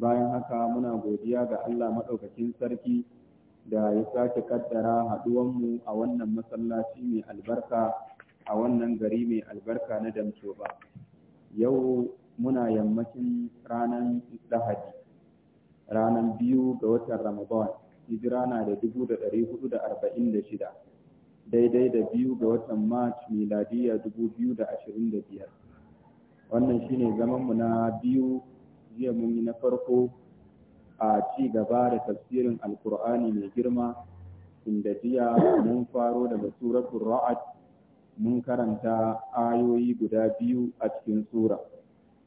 bayan haka muna godiya ga Allah maɗaukakin sarki da ya sake kaddara mu a wannan masallaci mai albarka a wannan gari mai albarka na damtoba yau muna yammacin ranar lahadi ranar biyu ga watan ramadan hijira na da dubu da ɗari hudu da arba'in da shida daidai da biyu ga watan march miladiya dubu biyu da ashirin da biyar wannan shine zamanmu na biyu jiya mun yi na farko a ci gaba da tafsirin alkur'ani mai girma inda biya mun faro daga suratul ra'ad mun karanta ayoyi guda biyu a cikin sura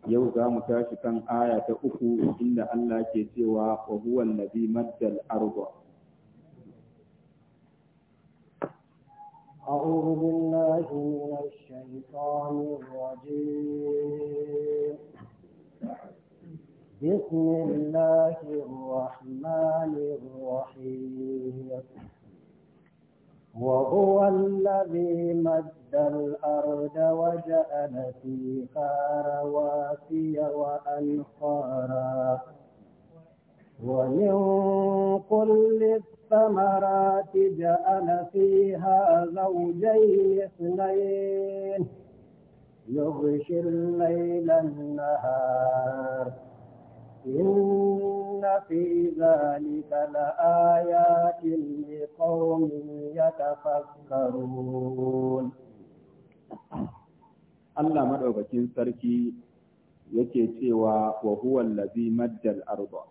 yau za mu tashi kan aya ta uku inda Allah ke cewa wa huwa nabi maddal arba أعوذ بالله من الشيطان الرجيم بسم الله الرحمن الرحيم وهو الذي مد الأرض وجعل فيها رواسي وأنهارا ومن كل الثمرات جعل فيها زوجين اثنين يغشي الليل النهار إن في ذلك لآيات لقوم يتفكرون Allah maɗaukakin sarki yake cewa wa huwa allazi maddal arda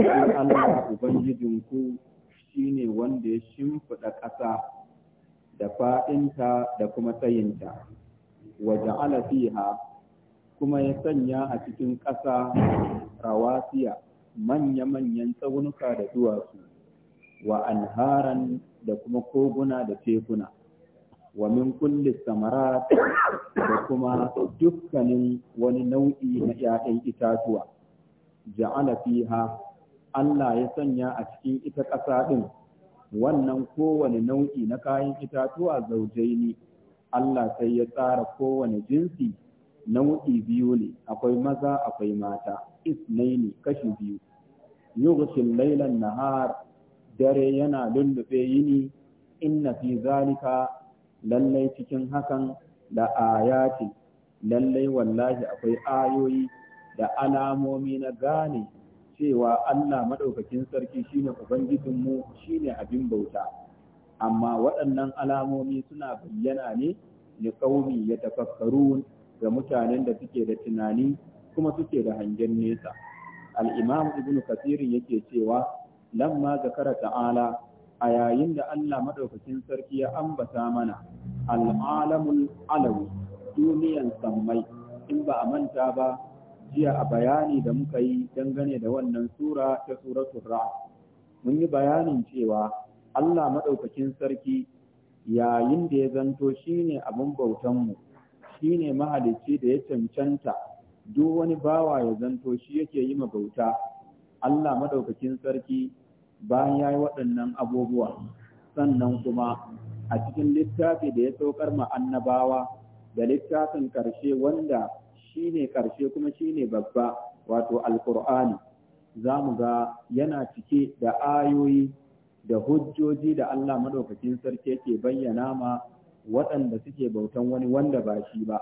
in Allah ubangijinku shine wanda ya shimfiɗa ƙasa da fa'inta da kuma tsayinta wa ja'ala fiha kuma ya sanya a cikin ƙasa rawasiya manya-manyan tsaunuka da duwatsu wa anharan da kuma koguna da tekuna wa min kulli samarat da kuma dukkanin wani nau'i na 'ya'yan itatuwa ja'ala fiha Allah ya sanya a cikin ita ƙasa ɗin wannan kowane nau'i na kayan itatuwa zaujaini Allah sai ya tsara kowane jinsi nau'i biyu ne akwai maza akwai mata isnaini kashi biyu yughsil laylan nahar dare yana lullube yini inna fi zalika lallai cikin hakan da ayati lallai wallahi akwai ayoyi da alamomi na gane cewa Allah madaukakin sarki shine mu shine abin bauta, amma waɗannan alamomi suna bayyana ne da ƙaumi ya tafakkarun ga mutanen da suke da tunani kuma suke da hangen nesa al-imam ibnu kathir yake cewa lamma zakara ta'ala a yayin da Allah madaukakin sarki ya ambata mana al-alamul alawi duniyan sammai in ba a manta ba jiya a bayani da muka yi dangane da wannan sura ta suratul ra. mun yi bayanin cewa Allah madaukakin sarki yayin da ya zanto shine abin bautan mu shi ne mahalicci da ya cancanta duk wani bawa ya zanto shi yake yi bauta Allah madaukakin sarki bayan ya yi waɗannan abubuwa sannan kuma a cikin littafi da ya saukar ma annabawa da littafin ƙarshe wanda shi ne ƙarshe kuma shi ne babba wato alkur'ani za mu ga yana cike da ayoyi da hujjoji da Allah madaukakin sarki yake bayyana ma waɗanda suke bautan wani wanda ba shi ba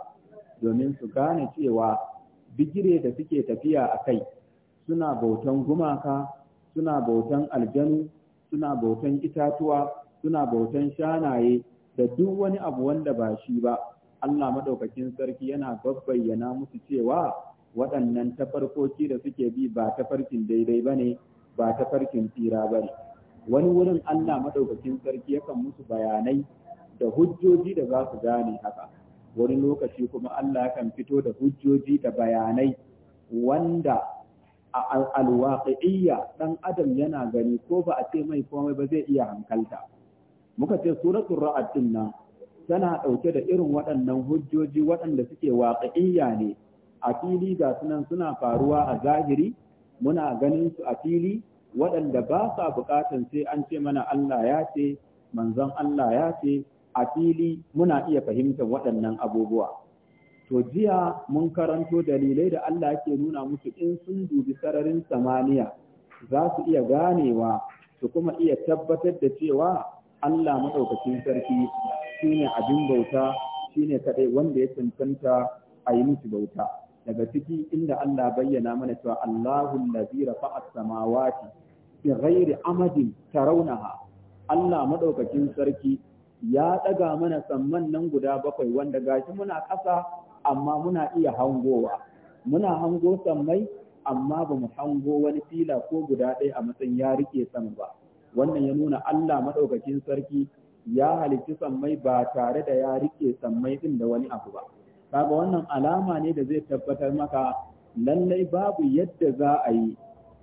domin su gane cewa bigire da suke tafiya a kai suna bautan gumaka suna bautan aljanu suna bautan itatuwa suna bautan shanaye da duk wani abu wanda ba shi ba Allah madaukakin sarki yana babbayyana musu cewa waɗannan tafarkoki da suke bi ba tafarkin daidai ba ne ba tafarkin tsira ba ne wani wurin Allah madaukakin sarki yakan musu bayanai da hujjoji da za su gane haka wani lokaci kuma Allah kan fito da hujjoji da bayanai wanda a alwaƙi'iyya ɗan adam yana gani ko ba a ce mai komai ba zai iya hankalta muka ce suratul ra'ad din nan tana ɗauke da irin waɗannan hujjoji waɗanda suke waƙi'iyya ne a fili ga sunan suna faruwa a zahiri muna ganin su a fili waɗanda ba sa buƙatan sai an ce mana Allah ya ce manzon Allah ya ce a fili muna iya fahimtar waɗannan abubuwa. To jiya mun karanto dalilai da Allah ke nuna musu in sun dubi sararin samaniya za su iya ganewa su kuma iya tabbatar da cewa Allah maɗaukacin sarki shi ne abin bauta shi ne kaɗai wanda ya cancanta a yi musu bauta. Daga ciki inda Allah bayyana mana cewa Allahun nazira rafa as-samawati bi ghairi amadin raunaha, Allah maɗaukacin sarki ya ɗaga mana samman nan guda bakwai wanda gashi muna ƙasa amma muna iya hangowa muna hango sammai amma ba mu hango wani fila ko guda ɗaya a matsayin ya rike sama ba wannan ya nuna Allah maɗaukakin sarki ya halicci sammai ba tare da ya riƙe sammai ɗin da wani abu ba kaga wannan alama ne da zai tabbatar maka lallai babu yadda za a yi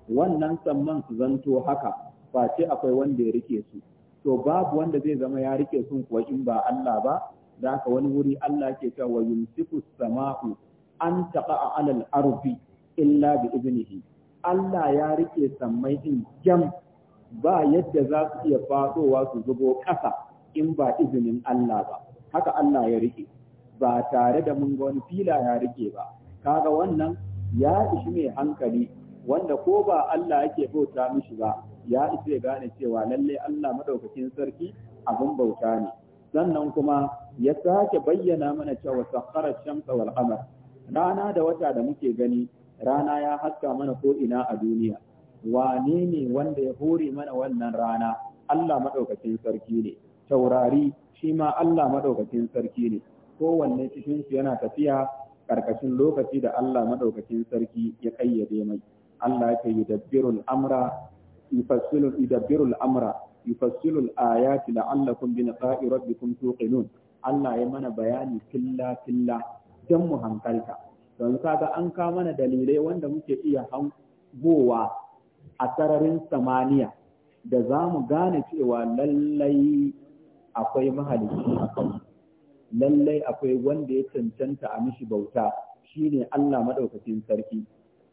wannan samman su zanto haka ba akwai wanda ya rike su to babu wanda zai zama ya rike sun kuwa in ba Allah ba Za ka wani wuri Allah ke cewa wa yumsiku sama'u an taqa alal ardi illa bi iznihi Allah ya rike sammai din jam ba yadda za su iya fadowa su zubo ƙasa in ba izinin Allah ba haka Allah ya rike ba tare da mun ga wani fila ya rike ba kaga wannan ya ishi mai hankali wanda ko ba Allah yake bauta mishi ba ya isa ya gane cewa lalle Allah madaukakin sarki abin bauta ne sannan kuma ya sake bayyana mana cewa sakkarar shamsa wal qamar rana da wata da muke gani rana ya haska mana ko ina a duniya wane ne wanda ya hore mana wannan rana Allah madaukakin sarki ne taurari shi ma Allah madaukakin sarki ne kowanne cikin su yana tafiya karkashin lokaci da Allah madaukakin sarki ya kayyade mai Allah ya yi dabbirul amra yufassilu yudabbiru al-amra yufassilu al-ayati la'allakum bi liqa'i rabbikum tuqinun Allah ya mana bayani filla-filla, dan mu hankalta don kaga an ka mana dalilai wanda muke iya hangowa a sararin samaniya da za mu gane cewa lallai akwai mahalicci a kanmu lallai akwai wanda ya cancanta a mishi bauta shine Allah madaukakin sarki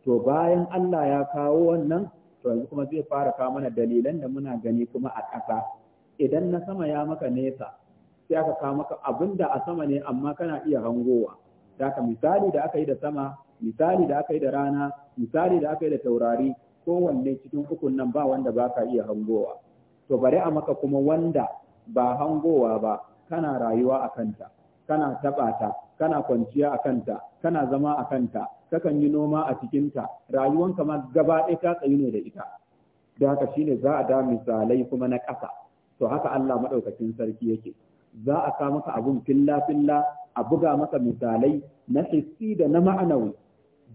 to bayan Allah ya kawo wannan to yanzu kuma zai fara kawo mana dalilan da muna gani kuma a ƙasa idan na sama ya maka nesa sai aka kawo maka abin da a sama ne amma kana iya hangowa daga misali da aka yi da sama misali da aka yi da rana misali da aka yi da taurari kowanne cikin ukun nan ba wanda ba ka iya hangowa to bari a maka kuma wanda ba hangowa ba kana rayuwa a kanta kana taɓa ta kana kwanciya a kanta kana zama a kanta kakan yi noma a cikinta Rayuwan kama gaba ɗaya ta tsayi ne da ita da haka shine za a da misalai kuma na ƙasa to haka Allah maɗaukacin sarki yake za a ka maka abun filla filla a buga maka misalai na hissi da na ma'anawi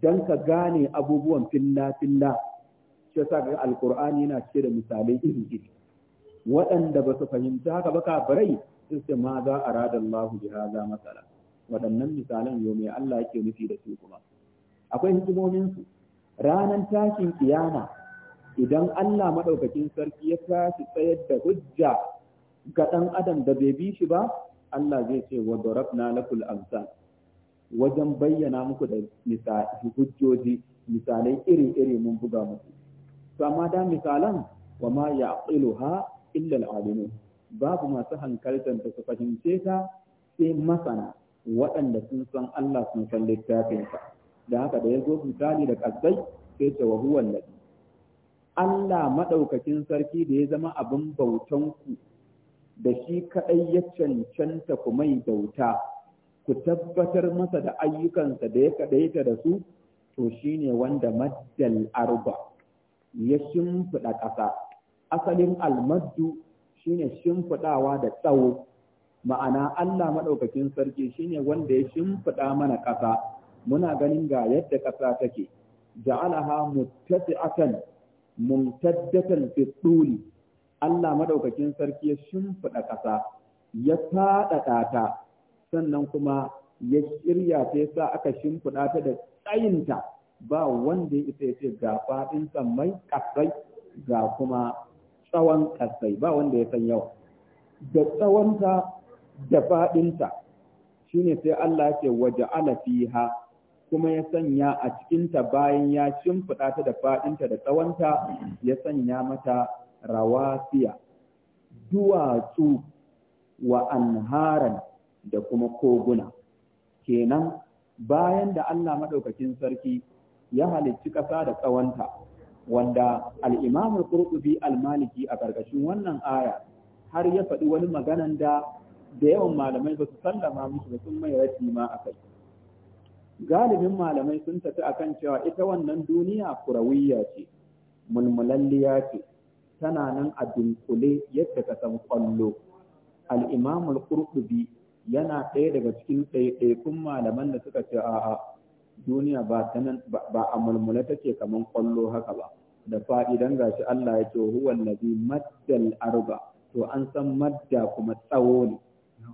don ka gane abubuwan filla filla shi yasa ga alkur'ani yana cike da misalai iri iri waɗanda ba su fahimci haka ba ka barai sai ce ma za a rada Allah bi haza matsala waɗannan misalan yau mai Allah yake nufi da su kuma akwai hikimomin su ranan tashin kiyama idan Allah madaukakin sarki ya tashi tsayar da hujja ga dan adam da bai bi shi ba Allah zai ce wa darabna lakul amsal wajen bayyana muku da hujjoji misalai iri-iri mun buga muku to amma da misalan wa ma ya'qiluha illa al alimin babu masu hankaltar da su fahimce ta sai masana waɗanda sun san Allah sun san littafinsa da haka da ya zo misali da ƙasai sai ce wa wallafi. Allah maɗaukakin sarki da ya zama abin bautan ku da shi kaɗai ya cancanta ku mai bauta ku tabbatar masa da ayyukansa da ya kadaita da su to shine wanda maddal arba ya shimfiɗa ƙasa asalin almaddu shine shimfiɗawa da tsawo ma'ana Allah maɗaukakin sarki shine wanda ya shimfiɗa mana ƙasa muna ganin ga yadda ƙasa take ja'alaha muttasi'atan mumtaddatan fi tuli Allah maɗaukakin sarki ya shimfiɗa ƙasa ya faɗaɗa ta sannan kuma ya shirya ta yasa aka shimfiɗa ta da tsayinta ba wanda ya isa ya ce ga faɗin sammai ƙasai ga kuma tsawon kasai ba wanda ya san yawa da tsawonta da faɗinta shine sai Allah ce waje alafiha kuma ya sanya a cikinta bayan ya shimfiɗa ta da faɗinta da tsawonta ya sanya mata rawasiya duwatsu wa anharan da kuma koguna kenan bayan da Allah maɗaukakin sarki ya halicci ƙasa da tsawonta wanda al-Imam al maliki a karkashin wannan aya har ya faɗi wani maganan da da yawan malamai ba su sallama musu da sun mai rati ma a kai. galibin malamai sun tafi kan cewa ita wannan duniya kurawiyya ce mulmulalliya ce tana nan a dunkule yadda ka san kwallo al-Imam al yana ɗaya daga cikin ɗaiɗaikun malaman da suka ce a'a duniya ba ba a mulmula take kaman kwallo haka ba da fa'idan gashi Allah ya ce huwa allazi maddal arba to an san madda kuma tsawo ne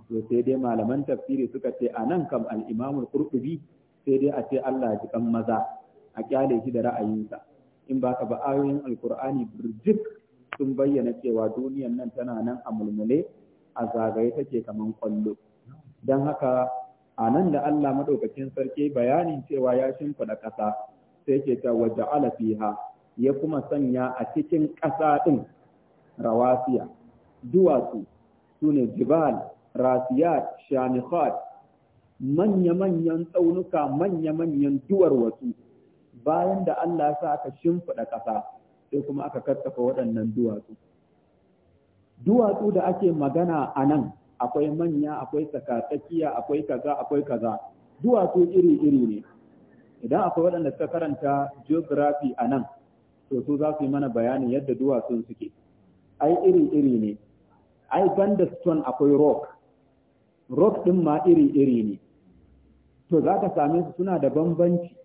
to sai dai malaman tafsiri suka ce a nan kam al al qurtubi sai dai a ce Allah ji kan maza a kyale shi da ra'ayinsa in ba ka ba ayoyin alkur'ani burjik sun bayyana cewa duniyan nan tana nan a mulmule a zagaye take kaman kwallo don haka a nan da Allah madaukakin sarki bayanin cewa ya shimfiɗa ƙasa sai ke ta waje alafiha ya kuma sanya a cikin ƙasa ɗin rawasiya duwatsu sune jibal rasiyat shanikhat manya-manyan tsaunuka manya-manyan duwar wasu bayan da Allah ya sa aka shimfiɗa ƙasa sai kuma aka kakkafa waɗannan duwatsu duwatsu da ake magana a nan akwai manya akwai tsakatsakiya akwai kaza akwai kaza duwatsu iri-iri ne idan akwai waɗanda suka karanta geography a nan to su za su yi mana bayanin yadda duwatsun suke ai iri-iri ne ai banda stone akwai rock rock ɗin ma iri-iri ne to za ka same su suna da bambanci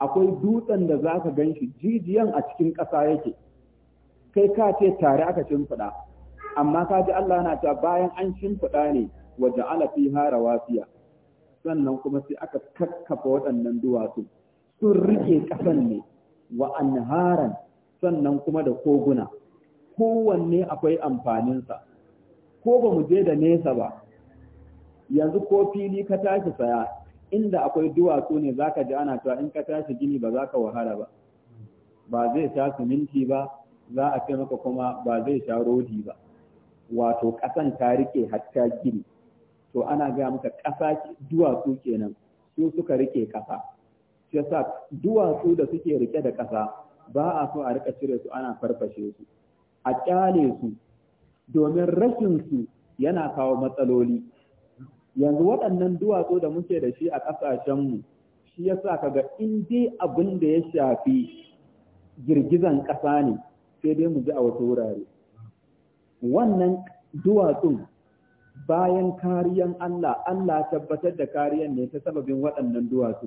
akwai dutsen da za ka gan shi jijiyan a cikin ƙasa yake kai ka ce tare aka cin shimfiɗa amma ka ji Allah yana cewa bayan an shimfiɗa ne wa ja'ala hara wafiya. sannan kuma sai aka kakkafa waɗannan duwatsu sun rike ƙasan ne wa anharan sannan kuma da koguna kowanne akwai amfaninsa ko ba mu je da nesa ba yanzu ko fili ka tashi saya inda akwai duwatsu ne zaka ji ana cewa in ka tashi gini ba za ka wahala ba ba zai sha siminti ba za a ce maka kuma ba zai sha rodi ba wato ƙasan ta rike hatta gini to ana ga maka ƙasa duwatsu kenan su suka rike ƙasa shi yasa duwatsu da suke rike da ƙasa ba a so a rika cire su ana farfashe su a ƙyale su domin rashin su yana kawo matsaloli yanzu waɗannan duwatsu da muke da shi a ƙasashenmu shi yasa kaga in dai abin da ya shafi girgizan ƙasa ne sai dai mu ji a wasu wurare wannan duwatsun bayan kariyan Allah Allah tabbatar da kariyan ne ta sababin waɗannan duwatsu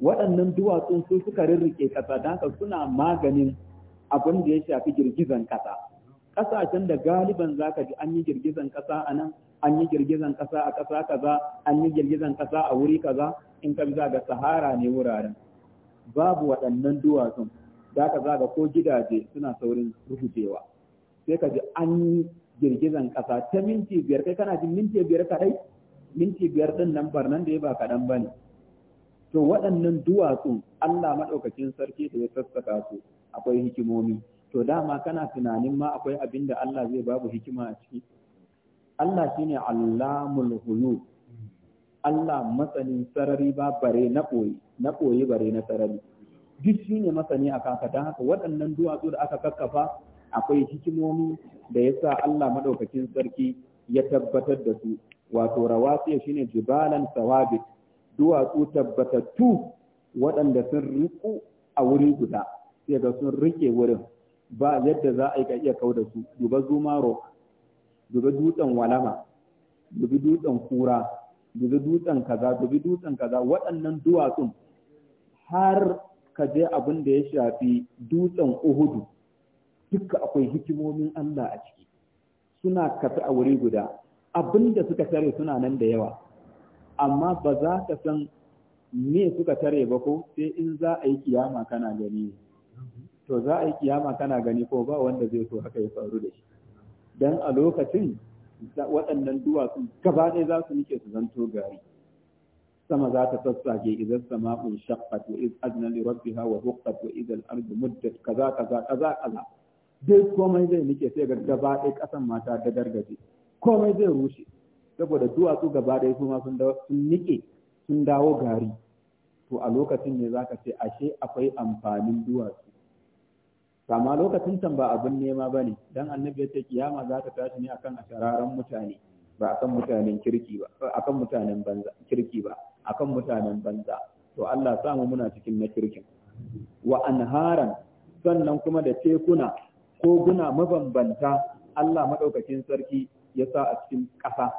waɗannan duwatsun su suka rirrike ƙasa don haka suna maganin abin da ya shafi girgizan ƙasa ƙasashen da galiban za ka ji an yi girgizan ƙasa a nan an yi girgizan ƙasa a ƙasa kaza an yi girgizan ƙasa a wuri kaza in ka za ga sahara ne wuraren babu waɗannan duwatsun za ka za ga ko gidaje suna saurin rufucewa sai ka ji an girgizan ƙasa ta minti biyar kai kana jin minti biyar kaɗai minti biyar ɗin nan bar nan da ya ba kaɗan ba ne to waɗannan duwatsu Allah maɗaukacin sarki da ya sassaka su akwai hikimomi to dama kana tunanin ma akwai abin da Allah zai babu hikima a ciki Allah shine allamul Huyu. Allah masanin sarari ba bare na ɓoye, na ɓoye bare na sarari. Duk shine ne masani a kaka don haka waɗannan duwatsu da aka kakkafa akwai hikimomi da ya sa Allah madaukakin sarki ya tabbatar da su wato rawasiya shine jibalan sawabit duwatsu tabbatattu waɗanda sun riku a wuri guda sai ga sun riƙe wurin ba yadda za a yi ka iya kau da su duba zuma rock duba dutsen walama duba dutsen kura duba dutsen kaza duba dutsen kaza waɗannan duwatsun har ka je abin da ya shafi dutsen uhudu dukka akwai hikimomin Allah a ciki suna kafi a wuri guda abinda suka tare suna nan da yawa amma ba za ka san me suka tare ba ko sai in za a yi kiyama kana gani to za a yi kiyama kana gani ko ba wanda zai so haka ya faru da shi dan a lokacin waɗannan duwatsu gaba ɗaya za su nike su zanto gari sama za ta sassage idan sama'un shaqqat wa iz adna li rabbiha wa huqqat wa idha al-ardu muddat kaza kaza kaza kaza duk komai zai nike sai ga gaba ɗaya ƙasan mata da gargaje komai zai rushe saboda duwatsu gaba ɗaya su ma sun nike sun dawo gari to a lokacin ne zaka ce ashe akwai amfanin duwatsu kama lokacin can ba abin nema ba ne don annabi ya ce kiyama za ta tashi ne akan ashararren mutane ba akan mutanen kirki ba akan mutanen banza kirki ba akan mutanen banza to Allah samu muna cikin na kirkin wa anharan sannan kuma da tekuna koguna mabambanta Allah maɗaukakin sarki ya sa a cikin ƙasa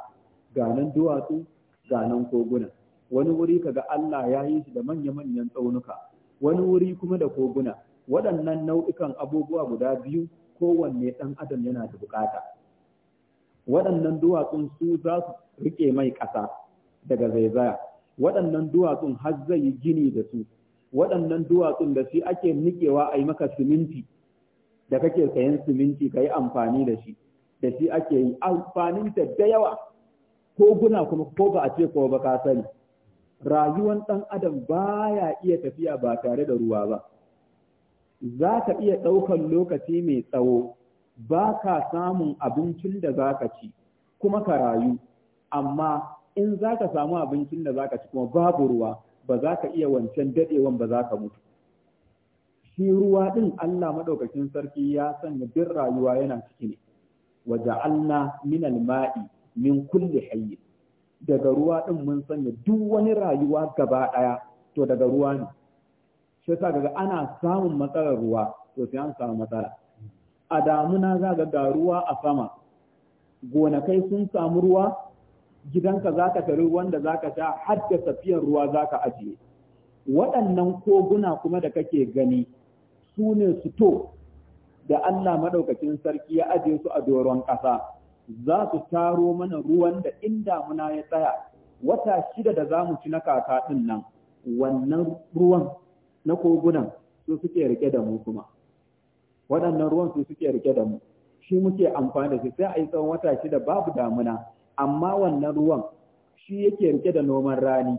ga nan duwatsu ga nan koguna wani wuri kaga Allah ya yi shi da manya-manyan tsaunuka wani wuri kuma da koguna waɗannan nau'ikan abubuwa guda biyu kowanne ɗan adam yana da bukata waɗannan duwatsun su za su riƙe mai ƙasa daga zaizaya waɗannan duwatsun har zai yi gini da su waɗannan duwatsun da shi ake niƙewa a yi maka siminti da kake sayan siminti ka yi amfani da shi da shi ake yi amfanin ta da yawa ko guna kuma ko ba a ce ko ba ka sani Rayuwar ɗan adam baya iya tafiya ba tare da ruwa ba za ka iya ɗaukan lokaci mai tsawo ba ka samun abincin da za ka ci kuma ka rayu amma in za ka samu abincin da za ka ci kuma babu ruwa ba za ka iya wancan daɗewan ba za ka mutu shi ruwa ɗin Allah maɗaukakin sarki ya sanya bin rayuwa yana ciki ne wa ja'alna min al-ma'i min kulli hayyin daga ruwa ɗin mun sanya duk wani rayuwa gaba ɗaya to daga ruwa ne shi ga ana samun matsalar ruwa to sai an samu matsala a damuna za ga ga ruwa a sama gonakai sun samu ruwa gidanka za ka tari wanda za ka sha har da safiyar ruwa za ka ajiye waɗannan koguna kuma da kake gani su ne to da Allah maɗaukacin sarki ya aje su a doron ƙasa za su taro mana ruwan da in damuna ya tsaya wata shida da za mu ci na kaka ɗin nan wannan ruwan na kogunan su suke rike da mu kuma waɗannan ruwan su suke rike da mu shi muke amfani da shi sai a yi tsawon wata shida babu damuna amma wannan ruwan shi yake rike da noman rani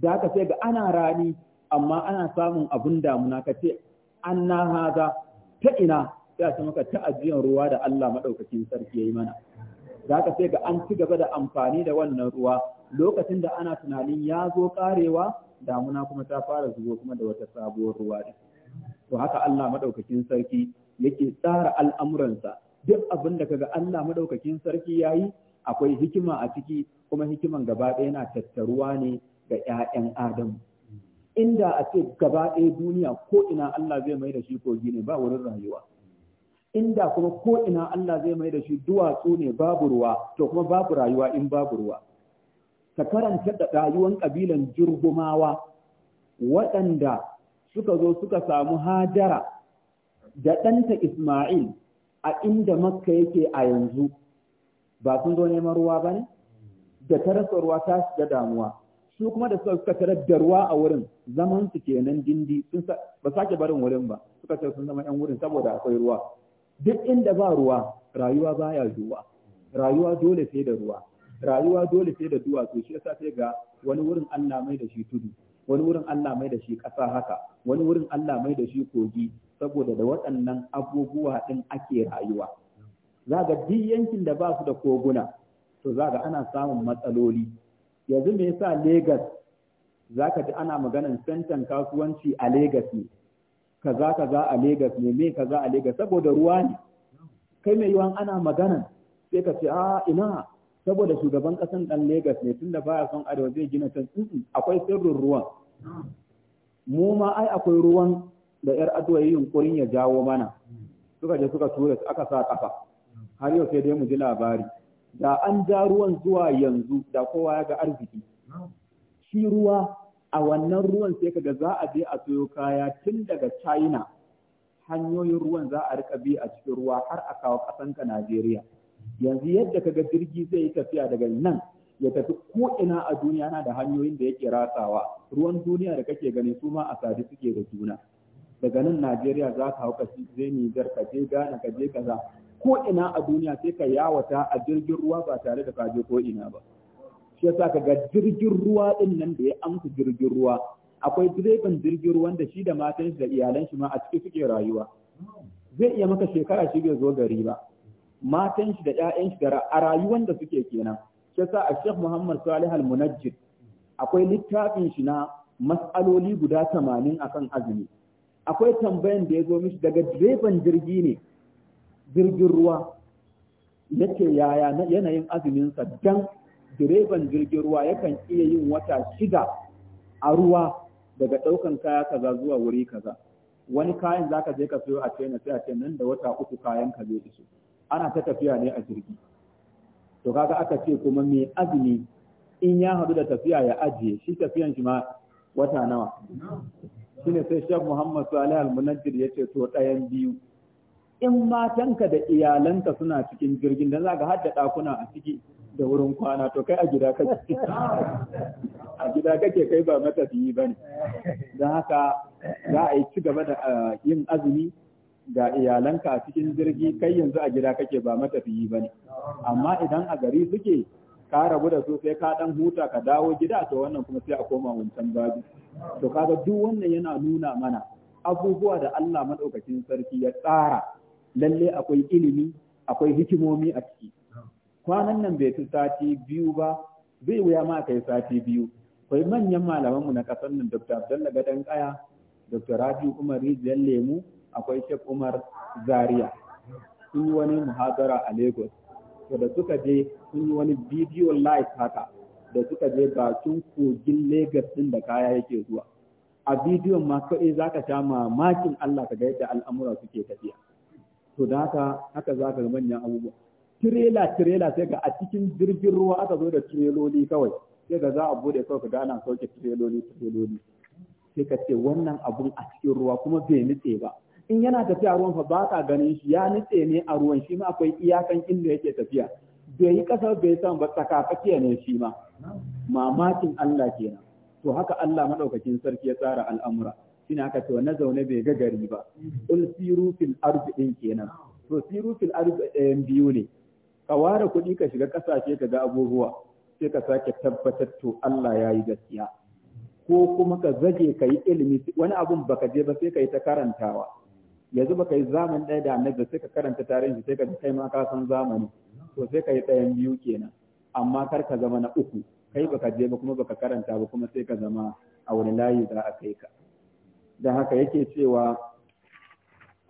da aka sai ga ana rani amma ana samun abun damuna ka ce an na haza ta ina ya ce maka ta ajiyar ruwa da Allah maɗaukakin sarki ya yi mana za ka sai ga an ci gaba da amfani da wannan ruwa lokacin da ana tunanin ya zo karewa damuna kuma ta fara zuwa kuma da wata sabuwar ruwa ne. to haka Allah maɗaukakin sarki yake tsara al'amuransa duk abin da kaga Allah maɗaukakin sarki ya yi akwai hikima a ciki kuma hikiman gaba ɗaya yana tattaruwa ne ga ‘ya'yan Adamu. inda a ce gaba ɗaya duniya ko ina Allah zai mai da shi kogi ne ba wurin rayuwa inda kuma ko ina Allah zai mai da shi duwatsu ne babu ruwa to kuma babu rayuwa in babu ruwa ka karanta da rayuwan kabilan jirgumawa waɗanda suka zo suka samu hajara da ɗanta Ismail a inda Makka yake a yanzu ba sun zo neman ruwa ba ne? Da ta rasa ruwa ta shiga damuwa. su kuma da suka tarar da ruwa a wurin zaman su kenan dindi sun ba sake barin wurin ba suka ce sun zama yan wurin saboda akwai ruwa duk inda ba ruwa rayuwa baya zuwa rayuwa dole sai da ruwa rayuwa dole sai da duwatsu shi yasa sai ga wani wurin Allah mai da shi tudu wani wurin Allah mai da shi ƙasa haka wani wurin Allah mai da shi kogi saboda da waɗannan abubuwa ɗin ake rayuwa za ga yankin da ba su da koguna to zaga ana samun matsaloli yanzu me yasa Legas za ka ji ana maganan centan kasuwanci a Legas ne, kaza kaza a Legas ne, me kaza a Legas saboda ruwa ne. Kai mai yiwuwan ana maganan sai ka ce, a ina saboda shugaban ƙasan ɗan Legas ne tunda baya son arewa zai gina can akwai sirrin ruwan. Mu ma ai akwai ruwan da ‘yar adowa yi yunkurin ya jawo mana, suka je suka tura su aka sa ƙafa, har yau sai dai mu ji labari. da an ja ruwan zuwa yanzu da kowa ya ga arziki shi ruwa a wannan ruwan sai kaga za a je a sayo kaya tun daga China hanyoyin ruwan za a rika bi a cikin ruwa har a kawo ka Najeriya yanzu yadda kaga jirgi zai yi tafiya daga nan ya tafi ko ina a duniya na da hanyoyin da yake ratsawa ruwan duniya da kake gani su ma a sadi suke da juna daga nan Najeriya za ka hau ka zai Niger ka je Ghana ka je kaza ko ina a duniya sai ka yawata a jirgin ruwa ba tare da kaje ko ina ba shi yasa ka ga jirgin ruwa din nan da ya amsa jirgin ruwa akwai direban jirgin ruwa da shi da matan shi da iyalan shi ma a ciki suke rayuwa zai iya maka shekara shi bai zo gari ba matan shi da ƴaƴan shi da a rayuwan da suke kenan shi yasa a Sheikh Muhammad Salih Al-Munajjid akwai littafin shi na mas'aloli guda 80 akan azumi akwai tambayan da ya zo mishi daga direban jirgi ne jirgin ruwa yake yaya na yanayin azuminsa dan direban jirgin ruwa yakan iya yin wata shida a ruwa daga ɗaukan kaya kaza zuwa wuri kaza wani kayan zaka je ka siyo a China sai a ce nan da wata uku kayan ka zai iso ana ta tafiya ne a jirgi to kaga aka ce kuma mai azumi in ya hadu da tafiya ya ajiye shi tafiyan shi ma wata nawa shine sai Sheikh Muhammad Salih Al-Munajjir yace to ɗayan biyu in matanka da iyalanka suna cikin jirgin dan zaka hadda dakuna a ciki da wurin kwana to kai a gida kake a gida kake kai ba matafiyi ne. dan haka za a yi ci gaba da yin azumi ga iyalanka a cikin jirgi kai yanzu a gida kake ba matafiyi ne. amma idan a gari suke ka rabu da su sai ka dan huta ka dawo gida to wannan kuma sai a koma wancan babu to kaga duk wannan yana nuna mana abubuwa da Allah madaukakin sarki ya tsara lalle akwai ilimi akwai hikimomi a ciki kwanan nan bai fi sati biyu ba zai wuya ma kai sati biyu akwai manyan malamanmu na ƙasar nan dr abdullah gadan kaya dr Rabi umar rijiyar lemu akwai shek umar zaria sun yi wani muhadara a lagos to da suka je sun yi wani bidiyo live haka da suka je bakin kogin lagos din da kaya yake zuwa a bidiyon ma kawai za ka sha mamakin allah ka ga yadda al'amura suke tafiya to da haka haka za ka manyan abubuwa tirela tirela sai ga a cikin jirgin ruwa aka zo da tireloli kawai sai ga za a bude kawai ka gana sauke tireloli tireloli sai ka ce wannan abun a cikin ruwa kuma bai nitse ba in yana tafiya ruwan fa ba ka ganin shi ya nitse ne a ruwan shi ma akwai iyakan inda yake tafiya bai yi kasa bai san ba tsakakakiya ne shi ma mamakin Allah kenan to haka Allah madaukakin sarki ya tsara al'amura shine aka ce wannan zaune bai ga gari ba ul siru fil ardi din kenan to siru fil ardi ɗayan biyu ne ka ware kuɗi ka shiga ƙasashe ka ga abubuwa sai ka sake tabbatar to Allah ya yi gaskiya ko kuma ka zage ka yi ilimi wani abun baka je ba sai ka yi ta karantawa yanzu baka yi zaman ɗaya da annabi sai ka karanta tarihi sai ka kai ma ka san zamani to sai ka yi ɗayan biyu kenan amma kar ka zama na uku kai baka je ba kuma baka karanta ba kuma sai ka zama a wani layi za a kai ka da haka yake cewa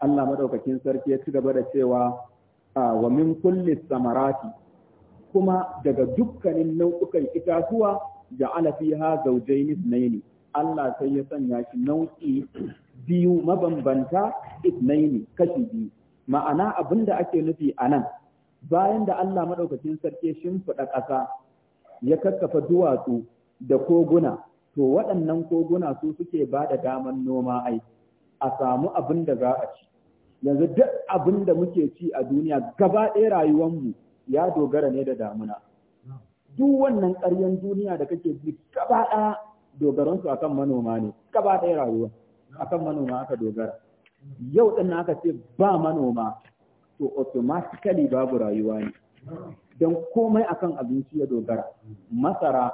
Allah madaukakin sarki ya ci gaba da cewa wa min kulli samarati kuma daga dukkanin nau'ukan itatuwa ja'ala fiha zawjayn ithnayn Allah sai ya sanya shi nau'i biyu mabambanta ithnayn kashi biyu ma'ana abinda ake nufi anan bayan da Allah madaukakin sarki shimfiɗa ƙasa ya kakkafa duwatsu da koguna to waɗannan koguna su suke ba da daman noma ai a samu abin da za a ci yanzu duk abin da muke ci a duniya gaba ɗaya mu ya dogara ne da damuna duk wannan ƙaryan duniya da kake ji gaba ɗaya su akan manoma ne gaba ɗaya rayuwa akan manoma aka dogara yau ɗin aka ce ba manoma to automatically babu rayuwa ne don komai akan abinci ya dogara masara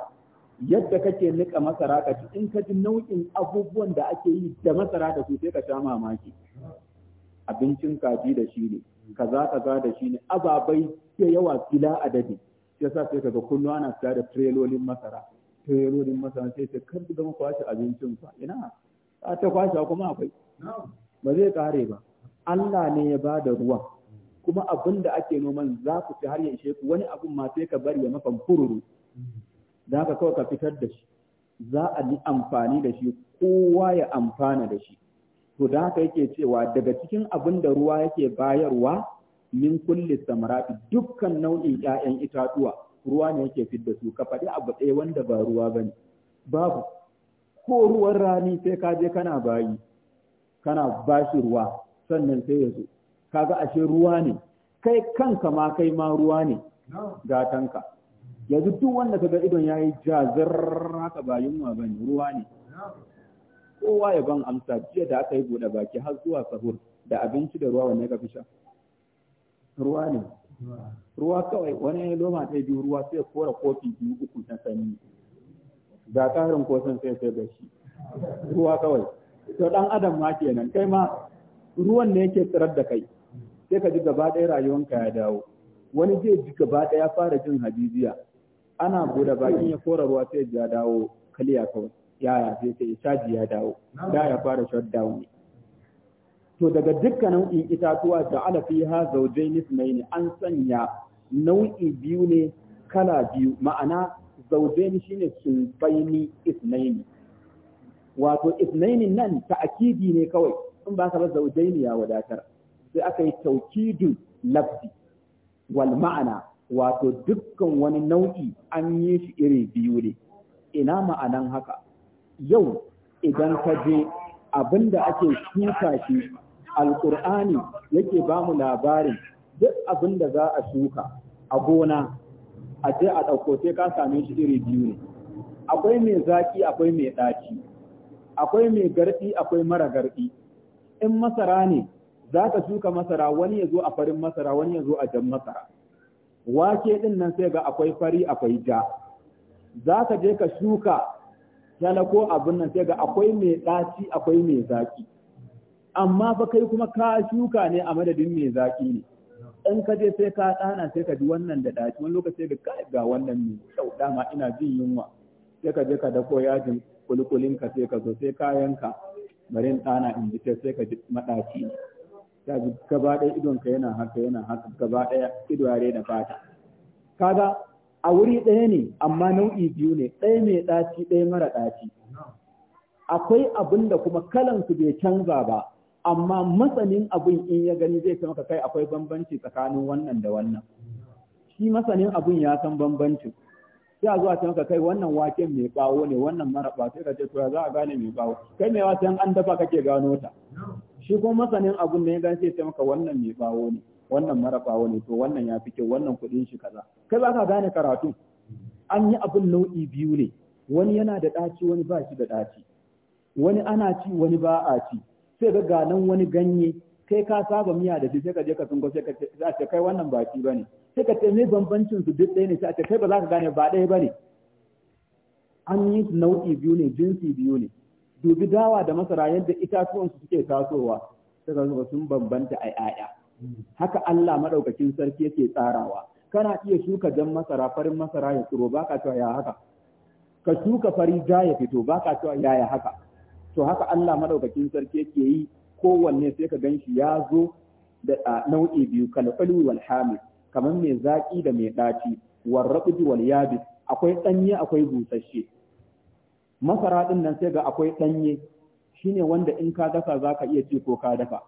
yadda kake nika masara ka ci in ka ji nau'in abubuwan da ake yi da masara da su sai ka sha mamaki abincin kaji da shi ne kaza kaza da shi ne ababai da yawa fila adadi ya sa sai kaga kullum ana fita da trelolin masara trelolin masara sai sai kar ku gama kwashe abincin fa ina a ta kwashe kuma akwai ba zai kare ba Allah ne ya ba da ruwa kuma abin da ake noman za ku ci har ya ishe ku wani abin ma sai ka bari ya maka fururu da haka kawai ka fitar da shi za a yi amfani da shi kowa ya amfana da shi to da haka yake cewa daga cikin abin da ruwa yake bayarwa min kulli samarati dukkan nau'in ƴaƴan itatuwa ruwa ne yake fidda su ka faɗi abu ɗaya wanda ba ruwa bane babu ko ruwan rani sai ka je kana bayi kana bashi ruwa sannan sai ya zo kaga ashe ruwa ne kai kanka ma kai ma ruwa ne gatanka yanzu duk wanda ka ga idon yi jazar haka ba yunwa bane ruwa ne kowa ya ban amsa jiya da aka yi bude baki har zuwa sahur da abinci da ruwa wanne ka fi sha ruwa ne ruwa kawai wani ya loma ta biyu ruwa sai kora kofi biyu uku na sani ga karin kosan sai sai da shi ruwa kawai to dan adam ma kenan kai ma ruwan ne yake tsirar da kai sai ka ji gaba ɗaya rayuwanka ya dawo wani zai ji gaba ɗaya fara jin hajijiya ana bude bakin ya kora ruwa sai ya dawo kaliya kawai yaya sai sai caji ya dawo da ya fara shutdown ne to daga dukkan nau'in itatuwa da alafi ha zaujain ne an sanya nau'i biyu ne kala biyu ma'ana zaujain shine bayni isnaini wato isnaini nan ta akidi ne kawai in ba ka ba zaujain ya wadatar sai aka yi taukidin lafzi wal ma'ana wato dukkan wani nau'i an yi shi iri biyu ne ina ma'anan haka yau idan ka je abin da ake shuka shi alkur'ani yake ba mu labarin duk abin da za a shuka a gona a je a ɗauko sai ka same shi iri biyu ne akwai mai zaki akwai mai ɗaci akwai mai garɗi akwai mara garɗi in masara ne za ka shuka masara wani ya zo a farin masara wani ya zo a jan masara wake din nan sai ga akwai fari akwai ja za ka je ka shuka yana ko abin nan sai ga akwai mai ɗaci akwai mai zaki amma fa kai kuma ka shuka ne a madadin mai zaki ne in ka je sai ka tsana sai ka ji wannan da ɗaci wani lokaci ga ka ga wannan mai kyau dama ina jin yunwa sai ka je ka dako yajin kulikulin ka sai ka zo sai kayanka bari in tsana in ji sai ka ji maɗaci ne kaji gaba ɗaya idonka yana haka yana haka gaba ɗaya ido ya da fata kaga a wuri ɗaya ne amma nau'i biyu ne ɗaya mai ɗaci ɗaya mara ɗaci akwai abin da kuma kalan su bai canza ba amma masanin abin in ya gani zai maka kai akwai bambanci tsakanin wannan da wannan shi masanin abin ya san bambanci sai a zuwa maka kai wannan waken mai bawo ne wannan mara ba sai ka ce to za a gane mai bawo kai mai waken an dafa kake gano ta shi kuma masanin abun da ya gan sai maka wannan mai bawo ne wannan mara bawo ne to wannan ya fi kyau wannan kuɗin shi kaza kai ba ka gane karatu an yi abun nau'i biyu ne wani yana da ɗaci wani ba shi da ɗaci wani ana ci wani ba a ci sai ga ganan wani ganye kai ka saba miya da shi sai ka je ka tsinko sai ka ce kai wannan ba shi bane sai ka ce me bambancin su duk ɗaya ne sai a ce kai ba za ka gane ba ɗaya bane an yi nau'i biyu ne jinsi biyu ne dubi dawa da masara yadda itatuwansu suke tasowa suka zuba sun bambanta a yaya haka Allah madaukakin sarki yake tsarawa kana iya shuka dan masara farin masara ya tsiro baka cewa ya haka ka shuka fari ja ya fito baka cewa yaya haka to haka Allah madaukakin sarki yake yi kowanne sai ka ganshi ya zo da nau'i biyu kalqalu wal hamid kamar mai zaki da mai daci warraqdi wal yabis akwai danye akwai busasshe masara din nan sai ga akwai ɗanye shine wanda in ka dasa za ka iya ci ko ka dafa.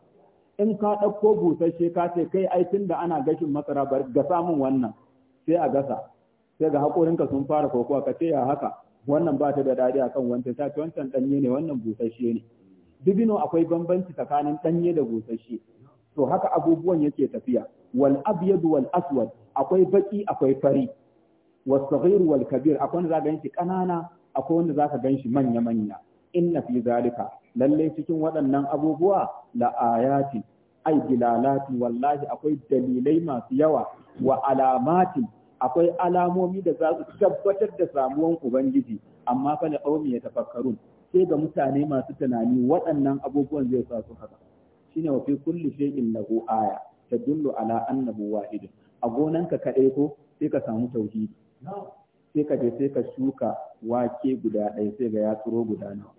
in ka ɗauko busasshe ka ce kai ai tun da ana gashin masara bar ga samun wannan sai a gasa sai ga ka sun fara kokowa ka ce ya haka wannan ba ta da daɗi akan wancan ta wancan ɗanye ne wannan busasshe ne dubino akwai bambanci tsakanin ɗanye da busasshe to haka abubuwan yake tafiya wal abyadu wal aswad akwai baki akwai fari was saghir wal kabir akwai zaga ki kanana akwai wanda zaka shi manya-manya inna fi zalika lallai cikin waɗannan abubuwa la ayati ay dilalati wallahi akwai dalilai masu yawa wa alamati akwai alamomi da za su tabbatar da samuwan ubangiji amma fa la qaumi yatafakkarun sai ga mutane masu tunani waɗannan abubuwan zai sa su haka shine wa fi kulli shay'in lahu aya tadullu ala annahu wahid a gonanka kadai ko sai ka samu tauhidi sai ka je sai ka shuka wake guda ɗaya sai ga ya tsiro guda nawa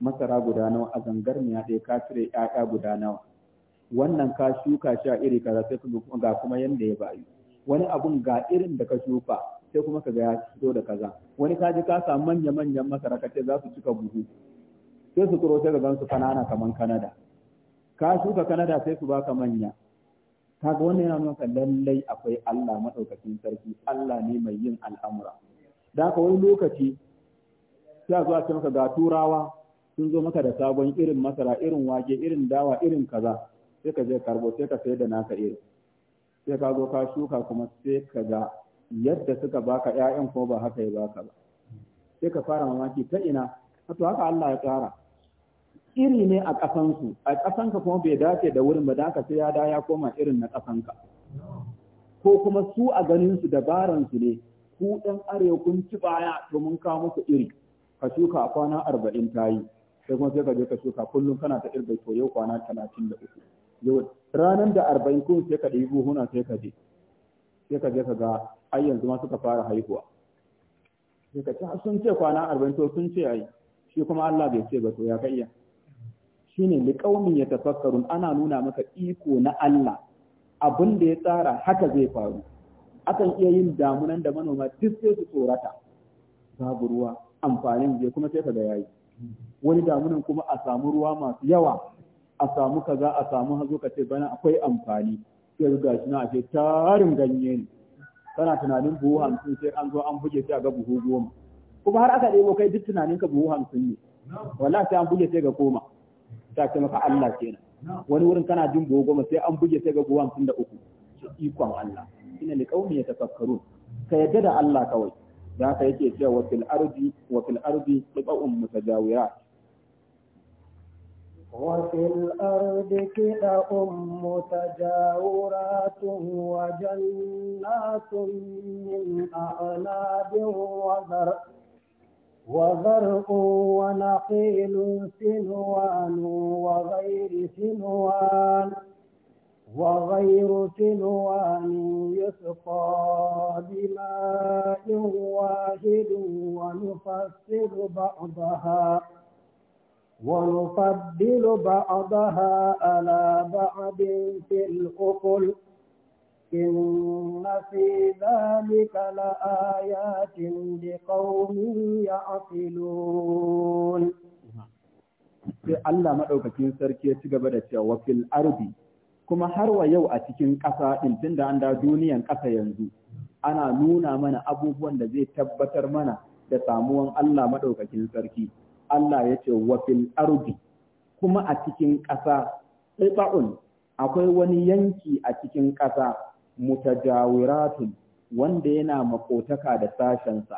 masara guda nawa a zangarniya ɗaya ka cire ƴaƴa guda nawa wannan ka shuka shi a iri kaza sai ga kuma yanda ya bayu wani abun ga irin da ka shuka sai kuma ka ga ya fito da kaza wani ka ji ka samu manya manyan masara ka ce za su cika buhu sai su tsiro sai ga gansu kanana kaman kanada ka shuka kanada sai su baka manya kaga wannan yana maka lallai akwai Allah madaukakin sarki Allah ne mai yin al'amura da haka wani lokaci sai a zo a ce maka ga turawa sun zo maka da sabon irin masara irin wake irin dawa irin kaza sai ka je karbo sai ka sai da naka irin sai ka zo ka shuka kuma sai ka ga yadda suka baka ƴaƴan ko ba haka ya baka ba sai ka fara mamaki ta ina to haka Allah ya tsara iri ne a ƙasansu a ƙasanka kuma bai dace da wurin ba da aka sai ya da ya koma irin na ƙasanka ko kuma su a ganin su dabaran su ne ku ɗan arewa kun ci baya to mun kawo muku iri ka shuka a kwana arba'in ta yi sai kuma sai ka je ka shuka kullum kana ta irga to yau kwana talatin da uku yau ranar da arba'in kun sai ka ɗebi buhuna sai ka je sai ka je ka ga ai yanzu ma suka fara haihuwa sai ka ce sun ce kwana arba'in to sun ce ai shi kuma Allah bai ce ba to ya kai iya shine ya yatafakkarun ana nuna maka iko na Allah abin da ya tsara haka zai faru akan iya yin damunan da manoma duk sai su tsorata babu ruwa amfanin je kuma sai kaga yayi wani damunan kuma a samu ruwa masu yawa a samu kaza a samu hazo ka ce bana akwai amfani sai ga shi na ake tarin ganye ne kana tunanin buhu hamsin sai an zo an buge sai a ga buhu goma kuma har aka ɗebo kai duk tunanin ka buhu hamsin ne wallahi sai an buge sai ga koma ta ce maka Allah kenan wani wurin kana jin buhu goma sai an buge sai ga buhu hamsin da uku ikon Allah ina kaumi ya tafakkaru. ka yadda da Allah kawai da haka yake cewa wa fil ardi wa fil ardi qita'un mutajawirat وفي mutajawira wa jannatun min من wa وزرع وذرء ونخيل سنوان وغير سنوان وغير سنوان يسقى بماء واحد ونفصل بعضها ونفضل بعضها على بعض في الأكل إِنَّ فِي ذَلِكَ لَآيَاتٍ لِقَوْمٍ يَعْقِلُونَ sai Allah maɗaukakin sarki ya ci gaba da cewa fil arbi. kuma har wa yau a cikin ƙasa ɗin tunda an da duniyan ƙasa yanzu ana nuna mana abubuwan da zai tabbatar mana da samuwan Allah maɗaukakin sarki Allah ya ce fil ardi kuma a cikin ƙasa ɗaiɓa'un akwai wani yanki a cikin ƙasa mutajawiratun wanda yana makotaka da sashensa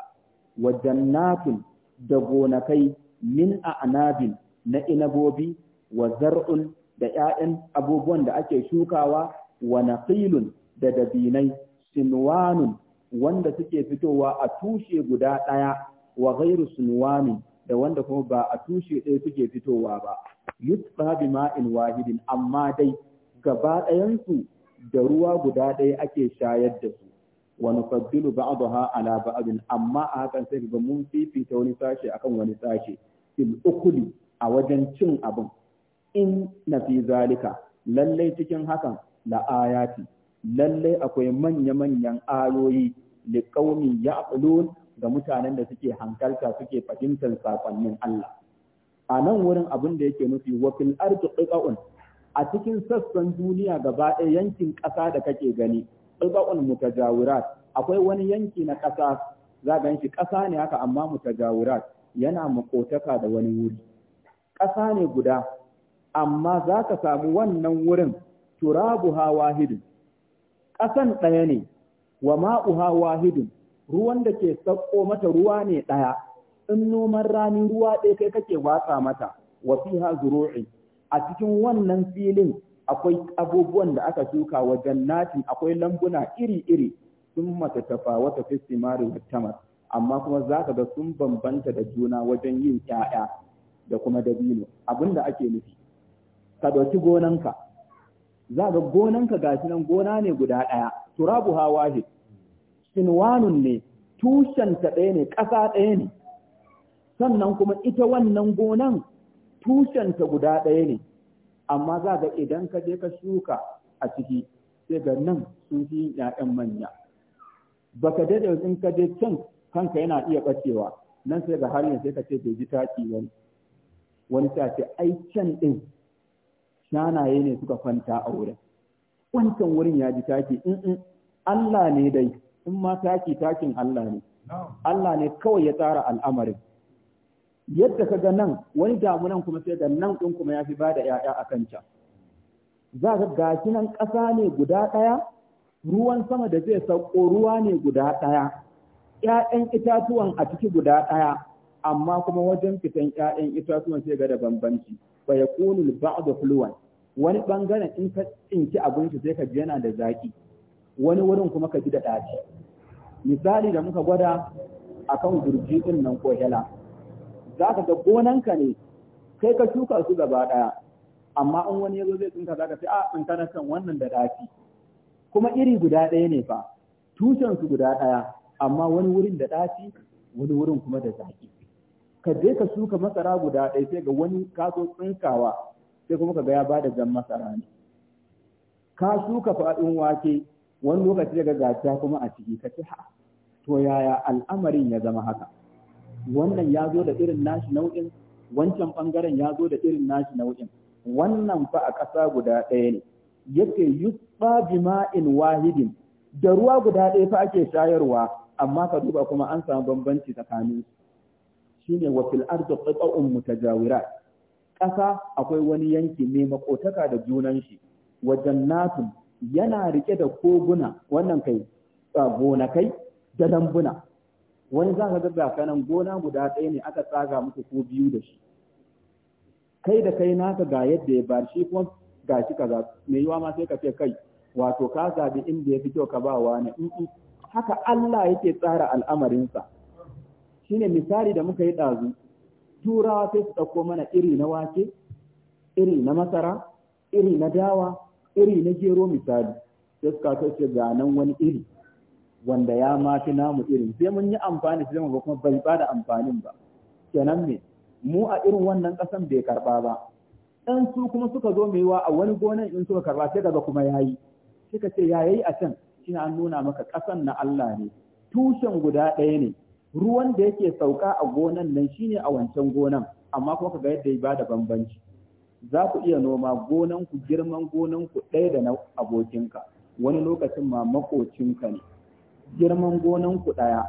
wa jannatun da gonakai min a'nabin na inabobi wa zar'un da ‘ya'yan abubuwan da ake shukawa wa naqilun da dabinai sinwanun wanda suke fitowa a tushe guda ɗaya wa ghairu sinwanin da wanda kuma ba a tushe ɗaya suke fitowa ba yusfa bi ma'in wahidin amma dai gaba ɗayansu da ruwa guda ɗaya ake shayar da su wani ba nufaddilu ha ala abin amma a hakan sai ga mun fifita wani sashe akan wani sashe fil ukuli a wajen cin abin in na fi zalika lallai cikin hakan la ayati lallai akwai manya-manyan ayoyi li qaumi ya'qulun ga mutanen da suke hankalta suke fahimtar sakonnin Allah a nan wurin abin da yake nufi wa fil ardi qita'un a cikin sassan duniya gaba ɗaya yankin ƙasa da kake gani tsibaun mutajawirat akwai wani yanki na ƙasa za gan shi ƙasa ne haka amma mutajawirat yana maƙotaka da wani wuri ƙasa ne guda amma za ka samu wannan wurin turabu ha wahidun ƙasan ɗaya ne wa ha wahidun ruwan da ke sakko mata ruwa ne ɗaya in noman rani ruwa ɗaya kai kake watsa mata wa fiha zuru'i a cikin wannan filin akwai abubuwan da aka shuka wa jannatin akwai lambuna iri-iri sun mata tafa wata simari wa tamar amma kuma za ka ga sun bambanta da juna wajen yin ƴaƴa da kuma dabino abin da ake nufi ka ɗauki gonanka za ga gonanka shi nan gona ne guda ɗaya turabu hawa shi. sinwanun ne tushenta ɗaya ne ƙasa ɗaya ne sannan kuma ita wannan gonan tushenta guda ɗaya ne amma za ga idan ka je ka shuka a ciki sai ga nan sun fi ‘ya'yan manya baka daɗe in ka je can kanka yana iya ɓacewa nan sai ga har yanzu sai ka ce bai ji taki wani wani ta ce ai can ɗin shanaye ne suka kwanta a wurin wancan wurin ya ji taki in Allah ne dai in ma taki takin Allah ne Allah ne kawai ya tsara al'amarin yadda ka ga nan wani damunan kuma sai da nan ɗin kuma ya fi ba da ‘ya'ya a kan can. Za ka ga shi nan ƙasa ne guda ɗaya, ruwan sama da zai sauko ruwa ne guda ɗaya, ‘ya'yan itatuwan a ciki guda ɗaya, amma kuma wajen fitan ‘ya'yan itatuwan sai ga da bambanci. Ba ya kunu ba'da fluwan. Wani ɓangaren in ka tsinci abinci sai ka ji yana da zaƙi, wani wurin kuma ka ji da ɗaci. Misali da muka gwada akan gurji ɗin nan ko hela. za ka ga gonanka ne kai ka shuka su gaba ɗaya amma in wani ya zo zai tsinka za ka ce a tsinkana kan wannan da dafi kuma iri guda ɗaya ne fa tushen su guda ɗaya amma wani wurin da dafi wani wurin kuma da zaki ka je ka shuka masara guda ɗaya sai ga wani ka zo tsinkawa sai kuma ka ga ya bada jan masara ne ka shuka faɗin wake wani lokaci daga gaciya kuma a ciki ka ci ha to yaya al'amarin ya zama haka wannan ya zo da irin nashi nau'in wancan bangaren ya zo da irin nashi nau'in wannan fa a ƙasa guda ɗaya ne yake yusba bima'in wahidin da ruwa guda ɗaya fa ake shayarwa amma ka duba kuma an samu bambanci tsakanin shine wa fil ardi qita'un mutajawira ƙasa akwai wani yanki mai makotaka da junan shi wa jannatun yana rike da koguna wannan kai gonakai da lambuna wani za ka ga kanan gona guda ɗaya ne aka tsaga muku ko biyu da shi kai da kai naka ga yadda ya bar shi kuma ga shi kaza me yiwa ma sai ka ce kai wato ka zabi inda ya fi kyau ka ba wani in haka Allah yake tsara al'amarinsa shine misali da muka yi ɗazu turawa sai su ɗauko mana iri na wake iri na masara iri na dawa iri na gero misali sai suka ce ga nan wani iri wanda ya mafi namu irin sai mun yi amfani sai mu kuma bai ba da amfanin ba kenan me mu a irin wannan kasan bai karba ba dan su kuma suka zo mai wa a wani gonan in suka karba sai ga kuma yayi suka ce ya yayi a can shine nuna maka kasan na Allah ne tushen guda ɗaya ne ruwan da yake sauka a gonan nan shine a wancan gonan amma kuma kaga yadda ya bada bambanci za ku iya noma gonan ku girman gonan ku ɗaya da na abokinka wani lokacin ma makocinka ne girman gonan ku ɗaya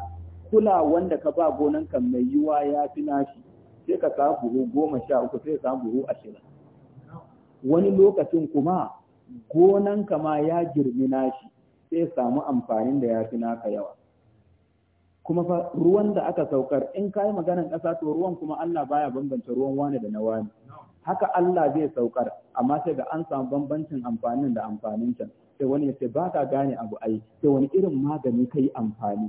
kula wanda ka ba gonan ka mai yiwa ya fi nashi sai ka samu buhu goma sha uku sai ka samu buhu ashirin wani lokacin kuma gonan ka ma ya girmi nashi sai samu amfanin da ya fi naka yawa kuma ruwan da aka saukar in ka yi ƙasa to ruwan kuma Allah baya bambance ruwan wani da na wani haka Allah zai saukar amma sai da an samu bambancin amfanin da amfanin can sai wani ya ce ba ka gane abu ai sai wani irin magani ka amfani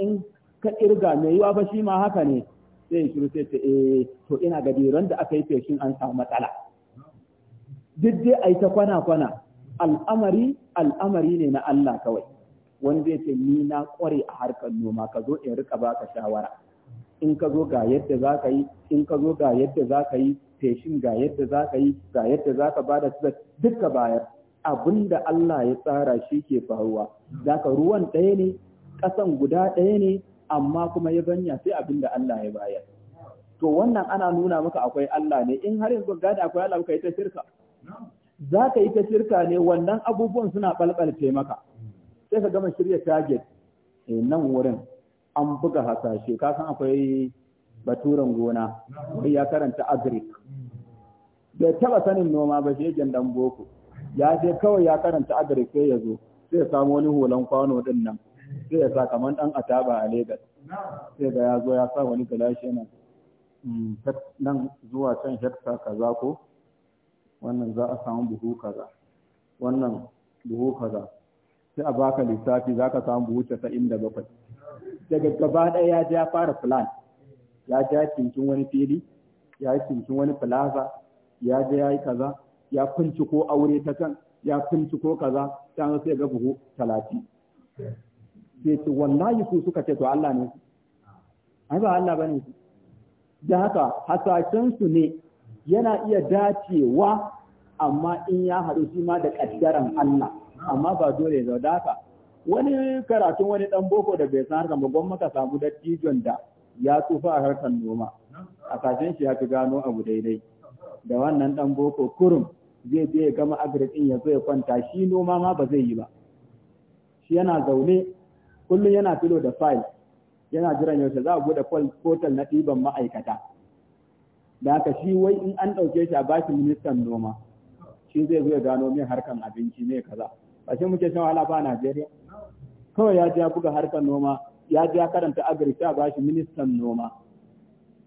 in ka kirga mai yiwa ba shi ma haka ne sai shiru sai ta eh to ina ga ran da aka yi feshin an samu matsala duk dai ai ta kwana kwana al'amari al'amari ne na Allah kawai wani zai ce ni na kware a harkar noma ka zo in rika baka shawara in ka zo ga yadda za ka yi in ka zo ga yadda za ka yi feshin ga yadda za ka yi ga yadda za ka ba da su duka bayar abin da Allah ya tsara shi ke faruwa zaka ruwan ɗaya ne ƙasan guda ɗaya ne amma kuma ya zanya sai abin da Allah ya bayar to wannan ana nuna maka akwai Allah ne in har yanzu gada akwai Allah ka yi ta shirka za ka yi ta shirka ne wannan abubuwan suna ɓalɓalce maka sai ka gama shirya target eh, nan wurin an buga hasashe ka san akwai baturen gona sai ya karanta agric bai taba sanin noma ba shi dan boko ya je kawai ya karanta agric sai ya zo sai ya samu wani hulan kwano din nan sai ya sa kamar dan ataba a Legas sai ga ya zo ya sa wani galashi nan mm, nan zuwa can hekta kaza ko wannan za a samu buhu kaza wannan buhu kaza sai a baka lissafi za ka samu buhu casa'in da bakwai daga gaba ɗaya ya je ya fara plan ya je ya kinkin wani fili ya kinkin wani plaza ya je ya yi kaza ya ko aure ta can ya ko kaza ta sai ga buhu talatin sai ce wallahi su suka ce to Allah ne ai ba Allah bane su da haka hasashen su ne yana iya dacewa amma in ya haɗu shi ma da ƙaddaran Allah amma ba dole ya da haka wani karatun wani ɗan boko da bai san harkar ba gwamma ka samu dattijon da ya tsufa a harkar noma a kafin shi ya fi gano abu daidai da wannan dan boko kurum zai je ya gama agrikin ya zo ya kwanta shi noma ma ba zai yi ba shi yana zaune kullum yana filo da file yana jiran yaushe za a bude portal na ɗiban ma'aikata da haka shi wai in an ɗauke shi a bashi ministan noma shi zai zo ya gano min harkan abinci ne kaza ba shi muke shan wahala ba Najeriya kawai ya je ya buga harkan noma ya ji ya karanta agri ta ba shi ministan noma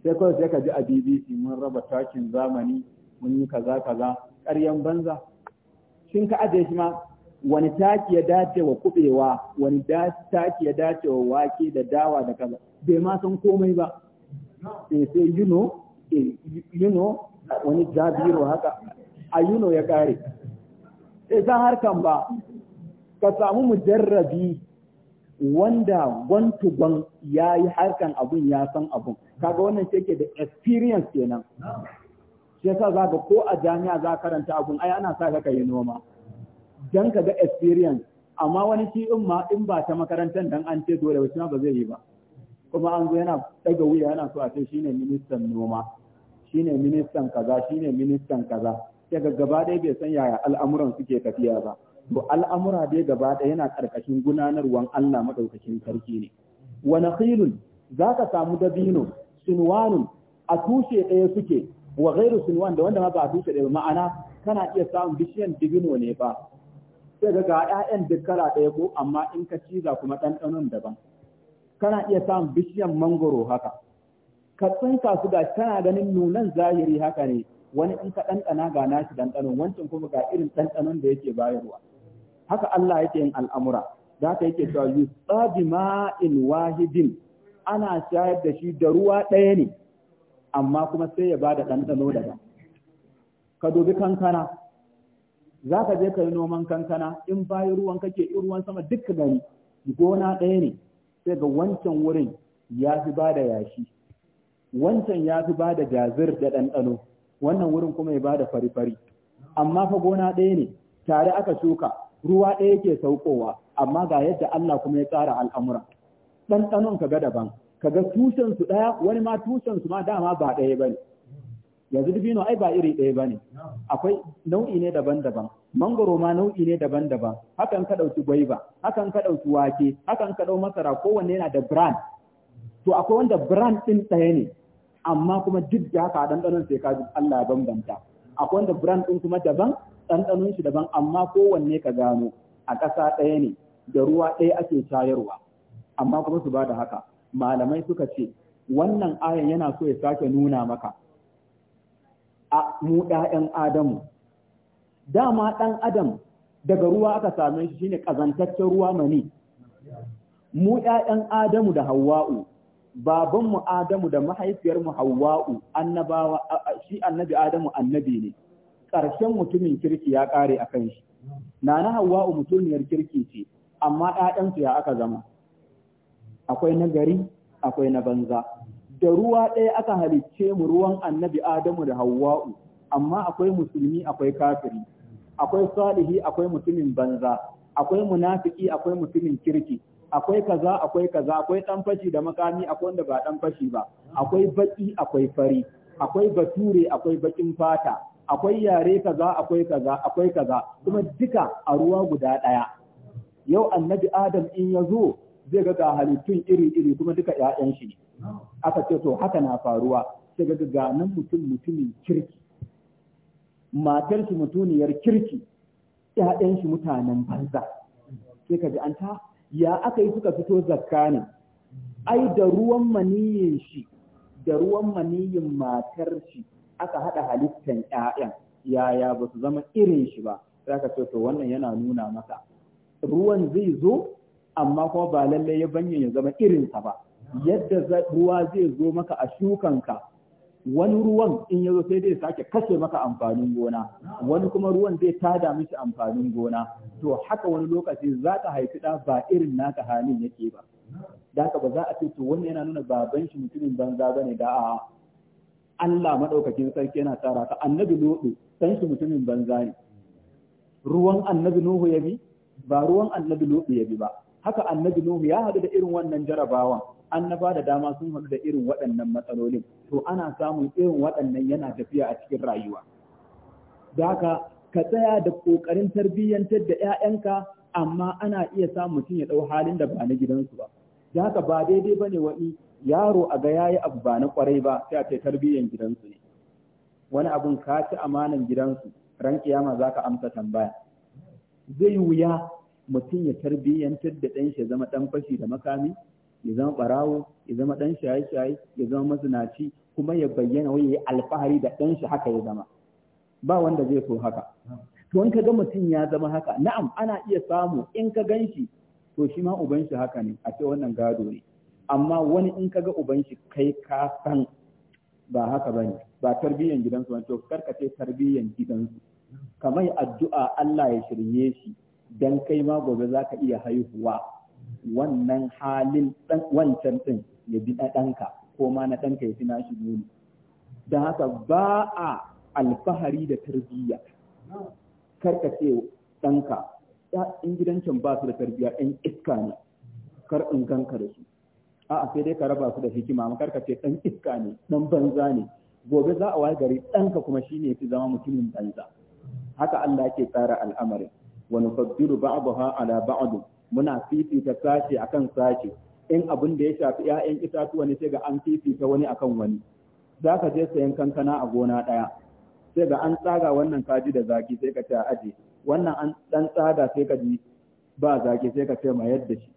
sai kawai sai ka ji a BBC mun raba takin zamani mun yi kaza kaza ƙaryan banza shin ka ajiye shi ma wani taki ya dace wa kubewa wani taki ya dace wa wake da dawa da kaza bai ma san komai ba eh sai you know eh, you know wani jabiru haka a you know ya kare sai eh, san harkan ba ka samu mujarrabi wanda gwan ya yi harkan abun ya san abun kaga wannan shi ke da experience kenan shi yasa ka ko a jami'a za karanta abun ai ana sa ka yi noma dan ka ga experience amma wani shi in ma in ba ta makarantar dan an ce dole wasu ba zai yi ba kuma an zo yana daga wuya yana so a ce shine ministan noma shine ministan kaza shine ministan kaza sai ga gaba ɗaya bai san yaya al'amuran suke tafiya ba to al'amura dai gaba ɗaya yana ƙarƙashin gudanarwan Allah maɗaukakin sarki ne wa nakhilun za ka samu dabino sunwanun a tushe ɗaya suke wa gairu sunwan da wanda ma ba a tushe ɗaya ma'ana kana iya samun bishiyan dabino ne ba sai ga ƴaƴan dukkara ɗaya ko amma in ka ciza kuma ɗanɗanon daban kana iya samun bishiyan mangoro haka ka tsinka su ga kana ganin nunan zahiri haka ne wani in ka ɗanɗana ga nashi ɗanɗanon wancan kuma ga irin ɗanɗanon da yake bayarwa haka Allah yake yin al'amura da haka yake cewa yutsa in wahidin ana shayar da shi da ruwa ɗaya ne amma kuma sai ya ba da ɗanɗano daga ka dubi kankana za ka je ka yi noman kankana in bayan ruwan kake in ruwan sama duka gani gona ɗaya ne sai ga wancan wurin ya fi ba da yashi wancan ya fi ba da jazir da ɗanɗano wannan wurin kuma ya ba da fari-fari amma fa gona ɗaya ne tare aka shuka ruwa ɗaya yake saukowa amma ga yadda Allah kuma ya tsara al'amura ɗanɗanon ka ga daban ka ga tushen su ɗaya wani ma tushen su ma dama ba ɗaya ba ne yanzu dubino ai ba iri ɗaya ba ne akwai nau'i ne daban-daban mangoro ma nau'i ne daban-daban hakan ka ɗauki gwaiba hakan ka ɗauki wake hakan ka ɗau masara kowanne yana da brand to akwai wanda brand ɗin ɗaya ne amma kuma duk da haka ɗanɗanon sai ka Allah ya bambanta akwai wanda brand ɗin kuma daban ɗanɗanon shi daban amma kowanne ka gano a ƙasa ɗaya ne da ruwa ɗaya ake shayarwa amma kuma su ba da haka malamai suka ce wannan ayan yana so ya sake nuna maka a mu ɗayan adamu dama ɗan adam daga ruwa aka same shi shine ƙazantaccen ruwa mani mu ɗayan adamu da hawa'u babanmu adamu da mahaifiyarmu hawa'u annabawa shi annabi adamu annabi ne ƙarshen mutumin kirki ya ƙare a kan shi na na hawa'u mutumiyar kirki ce amma ‘ya'yansu ya aka zama akwai na gari akwai na banza da ruwa ɗaya aka halicce mu ruwan annabi adamu da Hauwa'u, amma akwai musulmi akwai kafiri akwai salihi akwai mutumin banza akwai munafiki akwai mutumin kirki akwai kaza akwai kaza akwai ɗan fashi da makami akwai wanda ba ɗan fashi ba akwai baƙi, akwai fari akwai bature akwai baƙin fata akwai yare kaza akwai kaza akwai kaza kuma duka a ruwa guda ɗaya yau annabi adam in ya zo zai ga halittun iri-iri kuma duka ‘ya'yan shi aka ce to haka na faruwa sai ga ga nan mutum mutumin kirki matar shi mutuniyar kirki ‘ya'yan shi mutanen banza sai ka ji an ta ya aka yi suka fito zakka ai da ruwan maniyin shi da ruwan maniyin matar shi aka haɗa halittan ‘ya'yan yaya ba su zama irin shi ba za ka ce to wannan yana nuna maka ruwan zai zo amma kuma ba lalle ya banye ya zama irin sa ba yadda ruwa zai zo maka a shukanka wani ruwan in ya zo sai zai sake kashe maka amfanin gona wani kuma ruwan zai tada mishi amfanin gona to haka wani lokaci za ka haifi ɗa ba irin naka halin yake ba da ka ba za a ce to wannan yana nuna baban shi mutumin banza bane da a Allah maɗaukakin sarki yana tara ka annabi Nuhu san shi mutumin banza ne ruwan annabi Nuhu ya bi ba ruwan annabi Nuhu ya bi ba haka annabi Nuhu ya hadu da irin wannan jarabawan annaba da dama sun hadu da irin waɗannan matsalolin to ana samun irin waɗannan yana tafiya a cikin rayuwa Daka ka tsaya da ƙoƙarin tarbiyyantar da 'ya'yanka amma ana iya samun mutum ya ɗau halin da ba na gidansu ba da haka ba daidai ba ne wani yaro a ga yayi abu ba na kwarai ba sai a ce tarbiyyan gidansu ne wani abun ka ci amanan gidansu ran kiyama za ka amsa tambaya zai wuya mutum ya tarbiyyantar da ɗan shi zama ɗan fashi da makami ya zama ɓarawo ya zama ɗan shaye-shaye ya zama mazinaci kuma ya bayyana wai ya alfahari da ɗan shi haka ya zama ba wanda zai so haka to in ka ga mutum ya zama haka na'am ana iya samu in ka ganshi. to shi ma uban shi haka ne a ce wannan gado ne amma wani in kaga uban shi kai ka san ba haka bane ba tarbiyyan gidansu ba to ce tarbiyyan gidansu kamar addu'a Allah ya shirye shi dan kai ma gobe zaka iya haihuwa wannan halin wancan din ya bi ɗanka ko ma na ɗanka ya fi nashi muni don haka ba a alfahari da tarbiyya karkace ɗanka in gidancin ba su da tarbiyya ɗan iska ne kar in ganka da su a'a sai dai ka raba su da hikima amma kar ka ce dan iska ne dan banza ne gobe za a waye gari ɗanka kuma shine fi zama mutumin banza haka Allah yake tsara al'amarin wa nufaddilu ba'daha ala ba'd muna fifita sashi akan sashi in abin da ya shafi ƴaƴan itatuwa ne sai ga an fifita wani akan wani zaka je sayan kankana a gona ɗaya sai ga an tsaga wannan kaji da zaki sai ka ta aje wannan an dan tsaga sai ka ji ba zaki sai ka ce ma yadda shi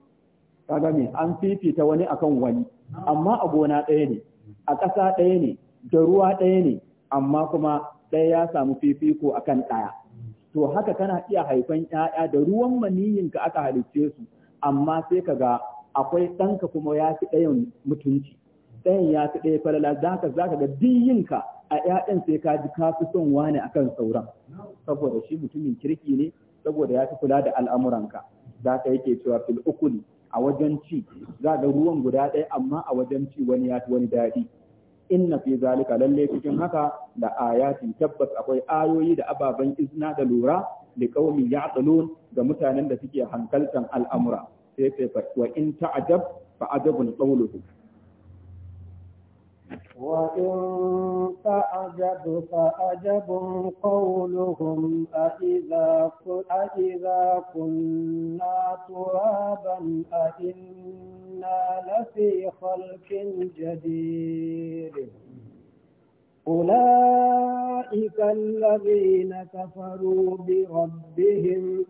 kaga me an fifita wani akan wani amma a gona ɗaya ne a ƙasa ɗaya ne da ruwa ɗaya ne amma kuma ɗaya ya samu fifiko akan ɗaya to haka kana iya haifan ƴaƴa da ruwan maniyin ka aka halicce su amma sai kaga akwai ɗanka kuma ya fi ɗayan mutunci ɗayan ya fi ɗaya falala zaka zaka ga ka a ƴaƴan sai ka ji ka fi son wani akan sauran saboda shi mutumin kirki ne saboda ya fi kula da al'amuranka zaka yake cewa fil ukuli a wajen ci za da ruwan guda ɗaya amma a wajen ci wani ya fi wani daɗi inna fi zalika lalle cikin haka da ayatin tabbas akwai ayoyi da ababen izna da lura da qaumi ya'qilun ga mutanen da suke hankaltan al'amura sai sai wa in ta'ajab fa ajabun qawluhu وإن تعجب فأجب قولهم أإذا, أإذا كنا ترابا أإنا لفي خلق جديد أولئك الذين كفروا بربهم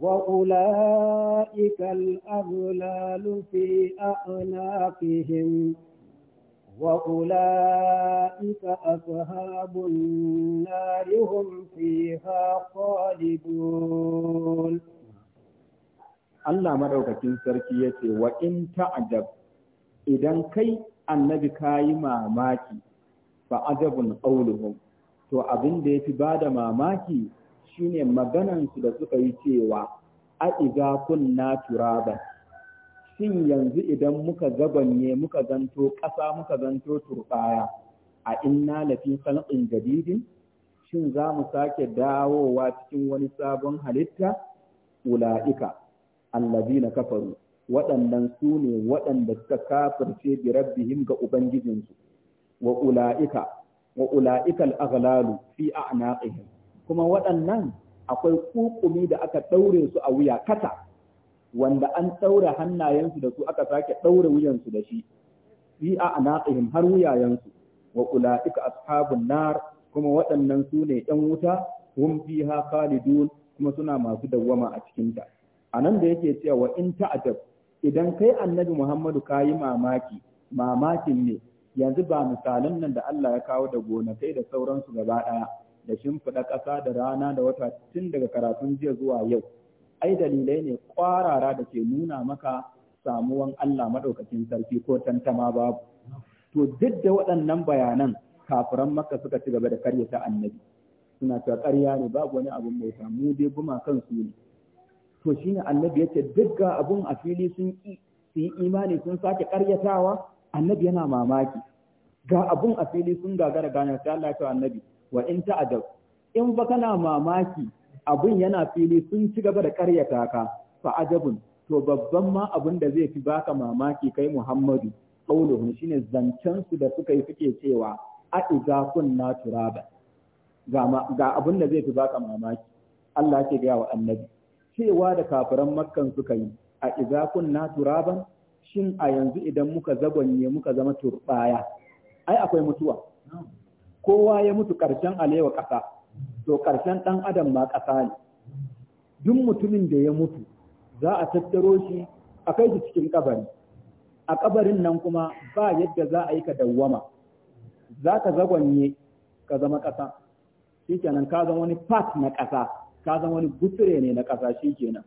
وأولئك الأغلال في أعناقهم وأولئك أصحاب النار هم فيها خالدون Allah madaukakin sarki ya ce wa in idan kai annabi kayi mamaki fa ajabun auluhu" to abin da yafi bada mamaki shine maganan su da suka yi cewa a iza kunna shin yanzu idan muka gabanye muka zanto ƙasa muka zanto turɓaya a inna lafi khalqin jadidin shin za mu sake dawowa cikin wani sabon halitta ula'ika allazina kafaru waɗannan su ne waɗanda suka kafirce bi rabbihim ga ubangijinsu wa ula'ika wa ula'ika al-aghlalu fi a'naqihim kuma waɗannan akwai kukumi da aka ɗaure su a wuya kata wanda an tsaura hannayensu da su aka sake ɗaura wuyansu da shi fi a anaqihim har wuyayensu wa ulaika ashabun nar kuma waɗannan su ne ɗan wuta hum fiha khalidun kuma suna masu dawwama a cikinta. A nan da yake cewa in ta'jab idan kai annabi Muhammadu ka yi mamaki mamakin ne yanzu ba misalan nan da Allah ya kawo da gonakai da sauransu gaba ɗaya da shimfiɗa ƙasa da rana da wata tun daga karatun jiya zuwa yau ai dalilai ne kwarara da ke nuna maka samuwan Allah maɗaukacin sarki ko tantama babu to duk da waɗannan bayanan kafiran maka suka ci gaba da ta annabi suna cewa ƙarya ne babu wani abun mai samu dai guma su ne to ne annabi yake duk ga abun a fili sun yi imani sun sake karyatawa annabi yana mamaki ga abun a fili sun gagara ganar sai Allah ya annabi wa in adab in ba kana mamaki Abin yana fili sun ci gaba da karyata ka fa ajabun to babban ma abin da zai fi baka mamaki kai Muhammadu qauluhum shine zancen su da suka yi suke cewa a idza kunna turaba ga ga abun da zai fi baka mamaki Allah ke ga wa annabi cewa da kafiran makkan suka yi a idza kunna turaban shin a yanzu idan muka zagonye muka zama turbaya ai akwai mutuwa kowa ya mutu karshen alewa kasa to ƙarshen ɗan adam ma ƙasa ne duk mutumin da ya mutu za a tattaro shi a kai shi cikin ƙabari, a ƙabarin nan kuma ba yadda za a yi ka dawwama za ka zagwanye ka zama ƙasa shi kenan ka zama wani part na ƙasa ka zama wani gutsire ne na ƙasa shi kenan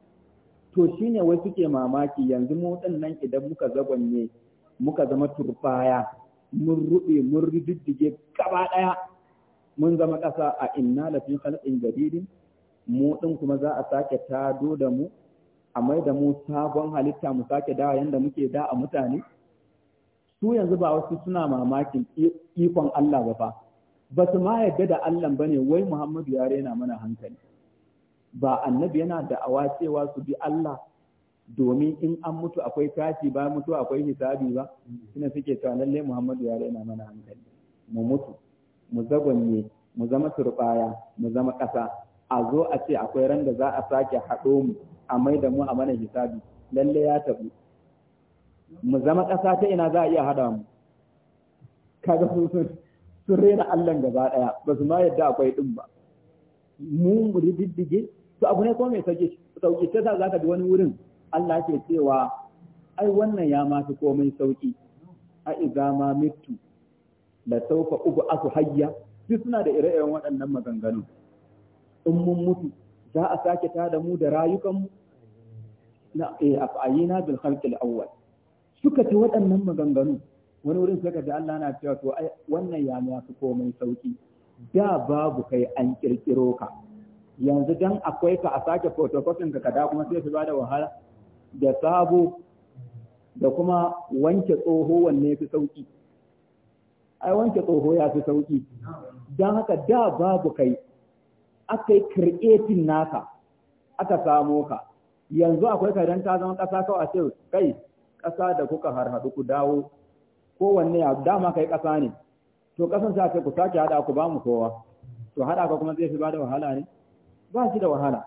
to shi ne wai suke mamaki yanzu mu nan idan muka zagwanye muka zama turfaya mun ruɓe mun rididdige gaba ɗaya mun zama ƙasa a inna lafi khalqin jadidin mu din kuma za a sake tado da mu a mai da mu sabon halitta mu sake dawa yanda muke da a mutane su yanzu ba wasu suna mamakin ikon Allah ba fa ba su ma yadda da Allah bane wai Muhammadu ya rena mana hankali ba annabi yana da awa cewa su bi Allah domin in an mutu akwai tashi ba mutu akwai hisabi ba suna suke cewa lalle Muhammadu ya rena mana hankali mu mutu mu zagwanye mu zama turbaya mu zama kasa a zo a ce akwai ran da za a sake haɗo mu a mai da mu a mana hisabi lalle ya tabu mu zama ƙasa ta ina za a iya haɗa mu kaga sun sun rera Allah gaba ɗaya ba su ma yadda akwai ɗin ba mu mu riddige to abu ne ko mai sauki sauki ta za ka ji wani wurin Allah ke cewa ai wannan ya ma komai sauki a iza ma mitu la saufa asu hayya duk suna da ire-iren waɗannan maganganun in mun mutu za a sake ta da mu da rayukanmu na eh, af'ayina bil khalqil awwal suka ci waɗannan maganganu wani wurin suka ji Allah na cewa to ai wannan ya ma fi komai sauki da babu kai an ƙirƙiro ka yanzu dan akwai ka a sake photocopying ka kada kuma sai su da wahala da sabo da kuma wanke tsoho wanne fi sauki ai wanke tsoho ya fi sauki don haka da babu kai aka yi naka aka samo ka yanzu akwai ka don ta zama ƙasa kawai a ce kai ƙasa da kuka harhaɗu ku dawo kowanne ya dama kai ƙasa ne to ƙasan sa ce ku sake haɗa ku ba mu kowa to haɗa ka kuma zai fi ba da wahala ne ba shi da wahala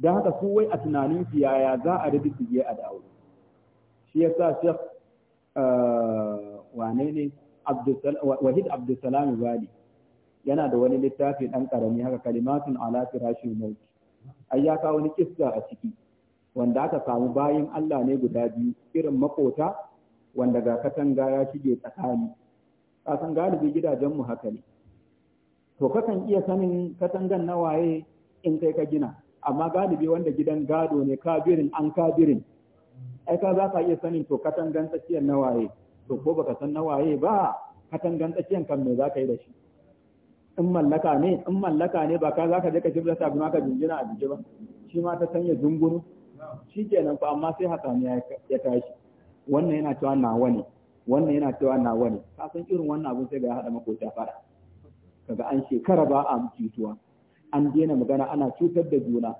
don haka su wai a tunanin yaya za a rubi su je a dawo shi yasa shek eh, wane ne wahid abdulsalam bali yana da wani littafi dan karami haka kalimatun ala firashil maut ai ya wani kissa a ciki wanda aka samu bayan Allah ne guda biyu irin makota wanda ga katanga ya shige tsakani kasan galibi mu haka ne to kakan iya sanin katangan na waye in kai ka gina amma galibi wanda gidan gado ne kabirin an kabirin ai ka za ka iya sanin to katangan tsakiyar na waye to ko baka san nawaye ba katangan tsakiyan kan me za ka yi da shi in mallaka ne in mallaka ne ba ka za ka je ka jibla ta gumaka ka jinjina a jiji ba shi ma ta sanya zungunu shi kenan fa amma sai hatsani ya tashi wannan yana cewa nawa ne wannan yana cewa nawa ne ka san irin wannan abun sai ga ya mako makota fara kaga an shekara ba a cutuwa an daina magana ana cutar da juna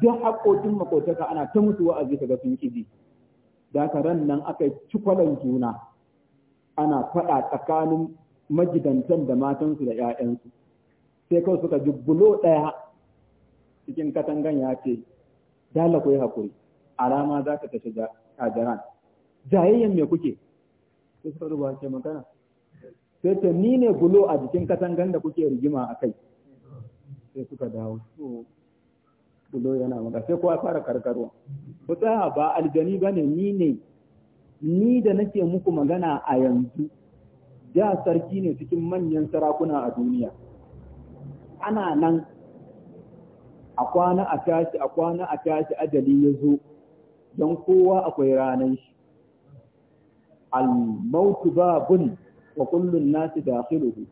duk haƙoƙin makotaka ana ta mutuwa musu wa'azi ga sun ƙiji da ran nan aka yi cikwalan juna ana faɗa tsakanin magidantan da matansu da ‘ya'yansu sai kawai suka jubbulo ɗaya cikin katangan ya ce dala ku yi haƙuri alama za ka tashi jaran jayayyen me kuke sai suka rubuwa ce magana sai ta ni ne gulo a jikin katangan da kuke rigima a kai sai suka dawo gulo yana maka sai kowa fara karkarwa ku tsaya ba aljani ba ne ni ne ni da nake muku magana a yanzu da sarki ne cikin manyan sarakuna a duniya ana nan a kwana a tashi a a tashi ajali ya zo don kowa akwai ranar shi al-mautu babun wa kullun nasu dakhiluhu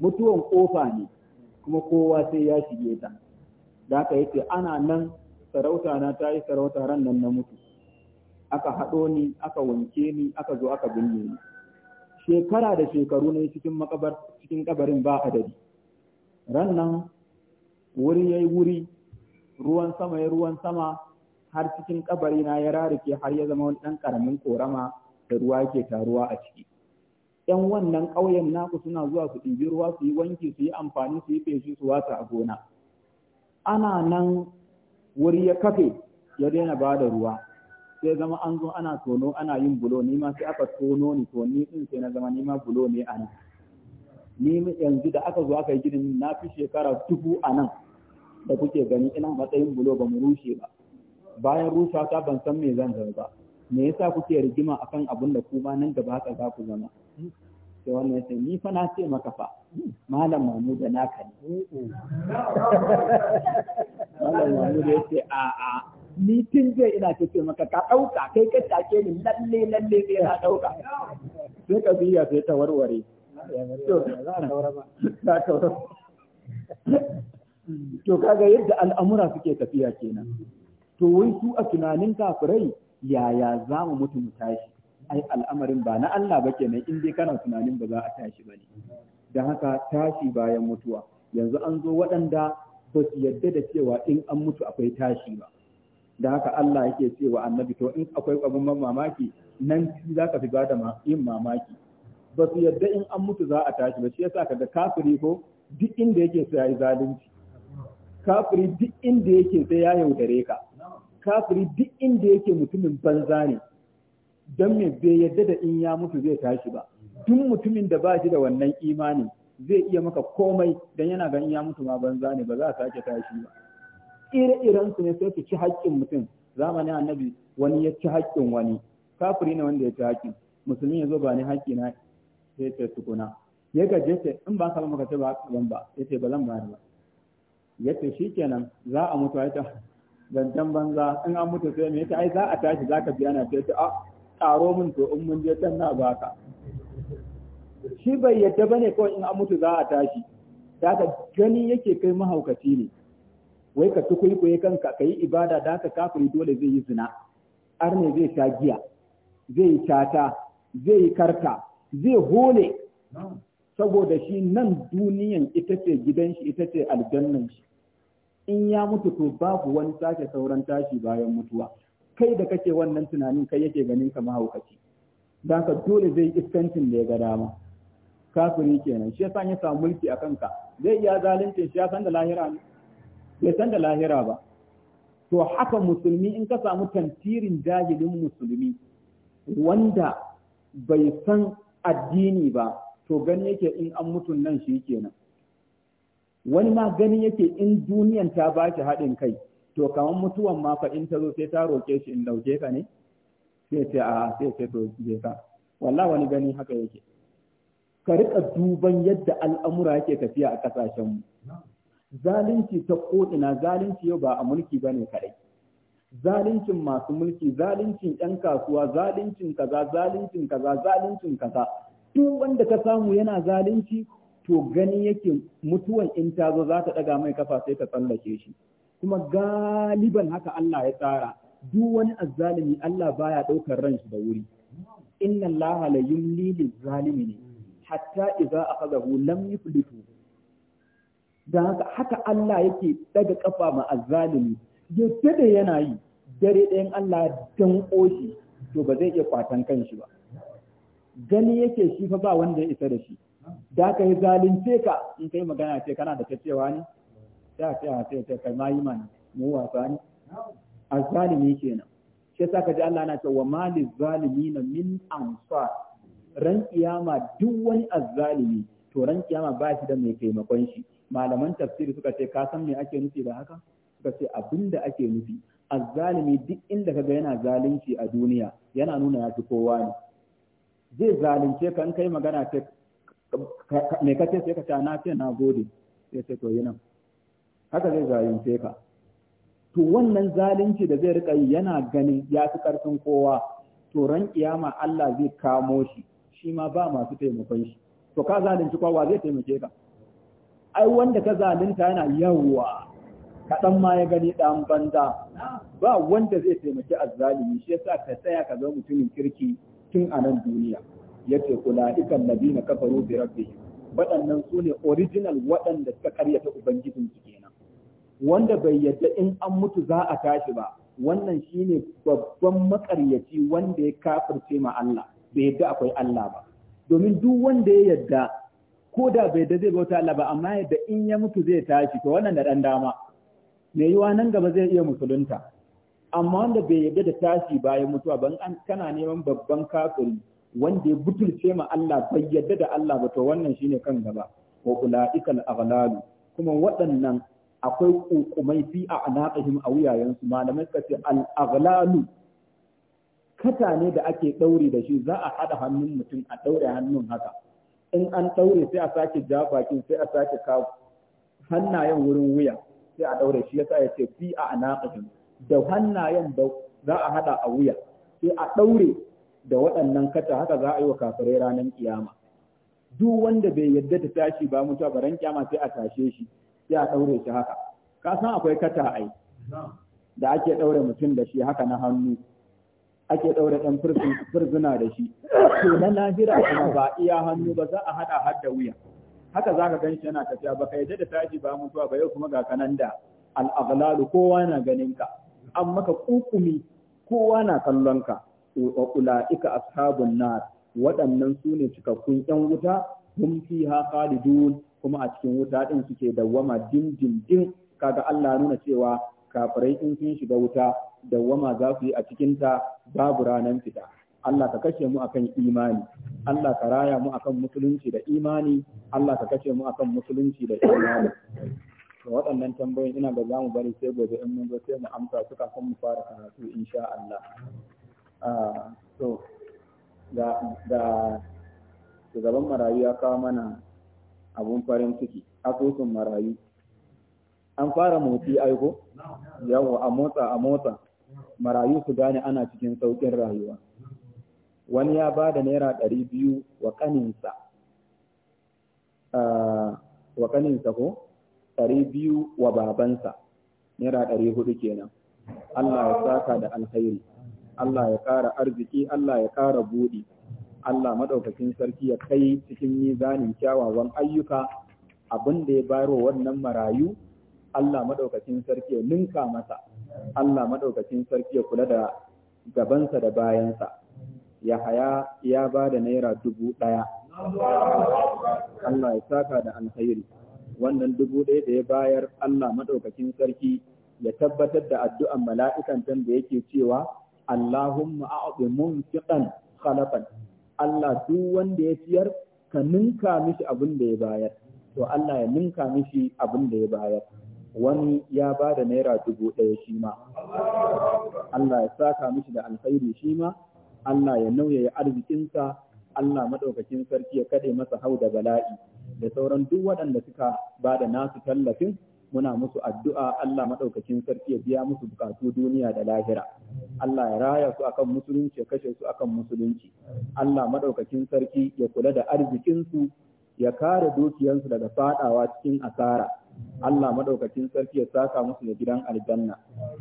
mutuwan kofa ne kuma kowa sai ya shige ta da aka yace ana nan sarauta na ta yi sarauta ran nan na mutu aka haɗo ni aka wanke ni aka zo aka binne ni shekara da shekaru ne cikin makabar cikin kabarin ba adadi ran nan wuri yayi wuri ruwan sama ya ruwan sama har cikin kabari na ya rarike har ya zama wani ɗan ƙaramin korama da ruwa yake taruwa a ciki. ‘Yan wannan ƙauyen naku suna zuwa su ɗibi ruwa su yi wanki su yi amfani su yi feshi su wasa a gona. Ana nan wuri ya kafe ya daina ba da ruwa. sai zama an zo ana tono ana yin bulo ni ma sai aka tono ni to ni din sai na zama ni ma bulo ne a nan ni yanzu da aka zo aka yi gidan na fi shekara dubu a nan da kuke gani ina matsayin bulo ba mu rushe ba bayan rusha ta ban san me zan zama ba me yasa kuke rigima akan abun da kuma nan gaba haka za ku zama sai wannan sai ni fa na ce maka fa malam mamu da naka ne malam mamu da yace a a ni tun zai ina ta maka ka ɗauka kai ka take ni lalle lalle zai na ɗauka sai ka biya sai ta warware to kaga yadda al'amura suke tafiya kenan to wai su a tunanin kafirai yaya za mu mutu mu tashi ai al'amarin ba na Allah ba kenan in dai kana tunanin ba za a tashi ba ne don haka tashi bayan mutuwa yanzu an zo waɗanda ba su yadda da cewa in an mutu akwai tashi ba da haka Allah yake ce wa annabi to in akwai abin mamaki nan za ka fi ba da yin mamaki ba su yadda in an mutu za a tashi ba shi yasa kaga kafiri ko duk inda yake sai yi zalunci kafiri duk inda yake sai ya yaudare ka kafiri duk inda yake mutumin banza ne don me bai yadda da in ya mutu zai tashi ba duk mutumin da ba shi da wannan imani zai iya maka komai don yana ga in ya mutu ma banza ne ba za a sake tashi ba ire-iren su ne sai su ci haƙƙin mutum zamanin annabi wani ya ci haƙƙin wani kafiri ne wanda ya ci haƙƙin musulmi ya zo ba ni haƙƙi na sai ce tukuna ya gaje ce in ba ka ba maka ce ba ban ba ya ce ba zan bayar ba ya ce shikenan za a mutu ya ce zancen banza in an mutu sai me ya ce ai za a tashi za ka biya na ce a ah, ƙaro min to in mun je can na ba ka shi bai yadda ba ne kawai in an mutu za a tashi daga gani yake kai mahaukaci ne wai ka tukulkuye kanka ka yi ibada da ka kafiri dole zai yi zina arne zai sha giya zai yi tata zai yi karta zai hole saboda shi nan duniyan ita ce gidan shi ita ce aljannan shi in ya mutu to babu wani sake sauran tashi bayan mutuwa kai da kake wannan tunanin kai yake ganin ka mahaukaci don ka dole zai iskancin da ya ga dama kafiri kenan shi ya samu mulki a kanka zai iya zalunce shi ya san da lahira ne bai san da lahira ba to haka musulmi in ka samu tantirin jahilin musulmi wanda bai san addini ba to gani yake in an mutun nan shi kenan wani ma gani yake in duniyan ta ba shi haɗin kai to kamar mutuwan ma fa in ta zo sai ta roƙe shi in lauke ka ne sai ce a sai ce to je ka Wallah wani gani haka yake ka riƙa duban yadda al'amura yake tafiya a ƙasashenmu zalunci ta ko'ina zalunci yau ba a mulki ba ne kaɗai zaluncin masu mulki zaluncin 'yan kasuwa zaluncin kaza zaluncin kaza zaluncin kaza duk wanda ka samu yana zalunci to gani yake mutuwan in ta zo za ta ɗaga mai kafa sai ta tsallake shi kuma galiban haka Allah ya tsara duk wani azzalimi Allah baya ɗaukar ran shi da wuri inna Allah la yumli lil zalimi hatta idza akhadahu lam yuflitu da haka haka Allah yake daga kafa ma azzalimi yadda da yana yi dare ɗayan Allah dan ƙoshi to ba zai iya kwatan kanshi ba gani yake shi fa ba wanda ya isa da shi da ka yi zalunce ka in kai magana ce kana da cewa ne ta ce a ce ta kai mayi mani mu wasa ne azzalimi kenan shi ka ji Allah yana cewa malil na min ansar ran kiyama duk wani azzalimi to ran kiyama ba shi da mai taimakon shi malaman tafsiri suka ce ka san me ake nufi da haka suka ce abinda ake nufi azzalimi duk inda kaga yana zalunci a duniya yana nuna ya fi kowa ne zai zalunce ka in kai magana ce me ka ce sai ka ta na ce na gode sai ce to yana haka zai zalunce ka to wannan zalunci da zai rika yi yana ganin ya fi karfin kowa to ran kiyama Allah zai kamo shi shi ma ba masu taimakon shi to ka zalunci kowa zai taimake ka ai wanda ka zalunta yana yawa kaɗan ma ya gani ɗan banza ba wanda zai taimaki azzalimi shi yasa ka tsaya ka zama mutumin kirki tun a nan duniya yace kula ikan ladina kafaru bi rabbihim waɗannan su ne original waɗanda suka karyata ubangijin su kenan wanda bai yadda in an mutu za a tashi ba wannan shine babban makaryaci wanda ya kafirce ma Allah bai yadda akwai Allah ba domin duk wanda ya yadda ko da bai da zai bauta Allah ba amma yadda in ya mutu zai tashi to wannan da dan dama me yiwa nan gaba zai iya musulunta amma wanda bai yadda da tashi bayan mutuwa ban kana neman babban kafiri wanda ya butulce ma Allah bai yadda da Allah ba to wannan shine kan gaba wa ulaikal aghlalu kuma waɗannan akwai kokumai fi a anaqihim a wuyayensu malamai suka ce al aghlalu kata ne da ake ɗauri da shi za a haɗa hannun mutum a ɗaure hannun haka in an ɗaure sai a sake jafakin, sai a sake kawo hannayen wurin wuya sai a ɗaure shi yasa ya ce fi a anaqihim da hannayen da za a hada a wuya sai a ɗaure da waɗannan kata haka za a yi wa kafirai ranar kiyama duk wanda bai yadda ta tashi ba mutuwa ba ran kiyama sai a tashe shi sai a ɗaure shi haka ka san akwai kata ai da ake ɗaure mutum da shi haka na hannu ake ɗaure ɗan furzuna da shi to na lahira kuma ba iya hannu ba za a haɗa har da wuya haka za ka gan shi yana tafiya ba ka yadda da tashi ba mutuwa ba yau kuma ga kanan da al'aghlalu kowa na ganin ka an maka kukumi kowa na kallon ka wa ula'ika ashabun nar waɗannan su ne cikakkun ƴan wuta hum fiha khalidun kuma a cikin wuta ɗin suke dawwama dindindin kaga Allah nuna cewa kafirai in sun shiga wuta dawwama za su yi a cikin ta babu ranar fita. Allah ka kashe mu akan imani, Allah ka raya mu akan musulunci da imani, Allah ka kashe mu akan musulunci da imani. Da waɗannan tambayoyin ina ga za mu bari sai gobe in mun zo sai mu amsa su kafin mu fara karatu insha Allah. da ah, ga shugaban marayu ya kawo mana abun farin ciki, asusun marayu. An fara motsi aiko? Yawo, a motsa a motsa. marayu su gane ana cikin saukin rayuwa wani ya ba da naira ɗari biyu wa ƙaninsa ah, wa ƙaninsa ko ɗari biyu wa babansa naira ɗari hudu kenan Allah ya saka da alkhairi Allah ya ƙara arziki Allah ya ƙara buɗi Allah maɗaukakin sarki ya kai cikin mizanin kyawawan ayyuka abin da ya bayarwa wannan marayu Allah maɗaukakin sarki ya ninka masa Allah maɗaukacin sarki ya kula da gabansa da bayansa Yahaya ya ba da naira dubu ɗaya Allah ya saka da alkhairi wannan dubu ɗaya da ya bayar Allah maɗaukacin sarki ya tabbatar da addu'an mala'ikan da yake cewa Allahumma a'ti munfiqan khalafan Allah duk wanda ya ciyar ka ninka mishi abin da ya bayar to Allah ya ninka mishi abin da ya bayar wani ya ba da naira dubu ɗaya shi ma Allah ya saka mishi da alkhairi shi ma Allah ya nauya ya arzikinsa Allah maɗaukakin sarki ya kaɗe masa hau da bala'i da sauran duk waɗanda suka ba da nasu tallafin muna musu addu'a Allah maɗaukakin sarki ya biya musu bukatu duniya da lahira Allah ya raya su akan musulunci ya kashe su akan musulunci Allah maɗaukakin sarki ya kula da arzikinsu ya kare dukiyansu daga faɗawa cikin asara Allah madaukakin sarki ya saka musu da gidan aljanna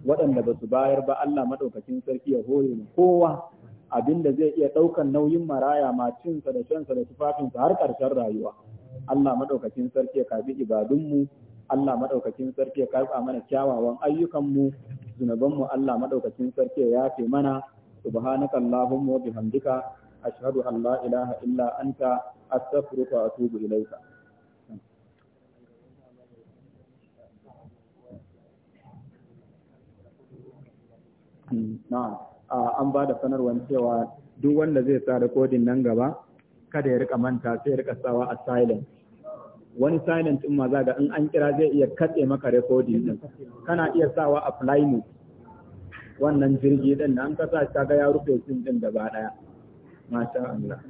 waɗanda ba su bayar ba Allah madaukakin sarki ya hore mu kowa abinda zai iya ɗaukan nauyin maraya ma sa da shansa da tufafinsa har ƙarshen rayuwa Allah madaukakin sarki ya karbi ibadunmu Allah madaukakin sarki ya karba mana kyawawan ayyukan ayyukanmu mu Allah madaukakin sarki ya yafe mana subhanaka allahumma wa bihamdika ashhadu an la ilaha illa anta astaghfiruka wa atubu ilaika an ba da sanarwar cewa duk wanda zai sa rikodin nan gaba kada ya rika manta sai ya rika sawa a silent wani silent din ma zaga in an kira zai iya katse maka rikodin din kana iya sawa a fly mode wannan jirgi din nan ka sa ta ga ya rufe sin din gaba daya masha Allah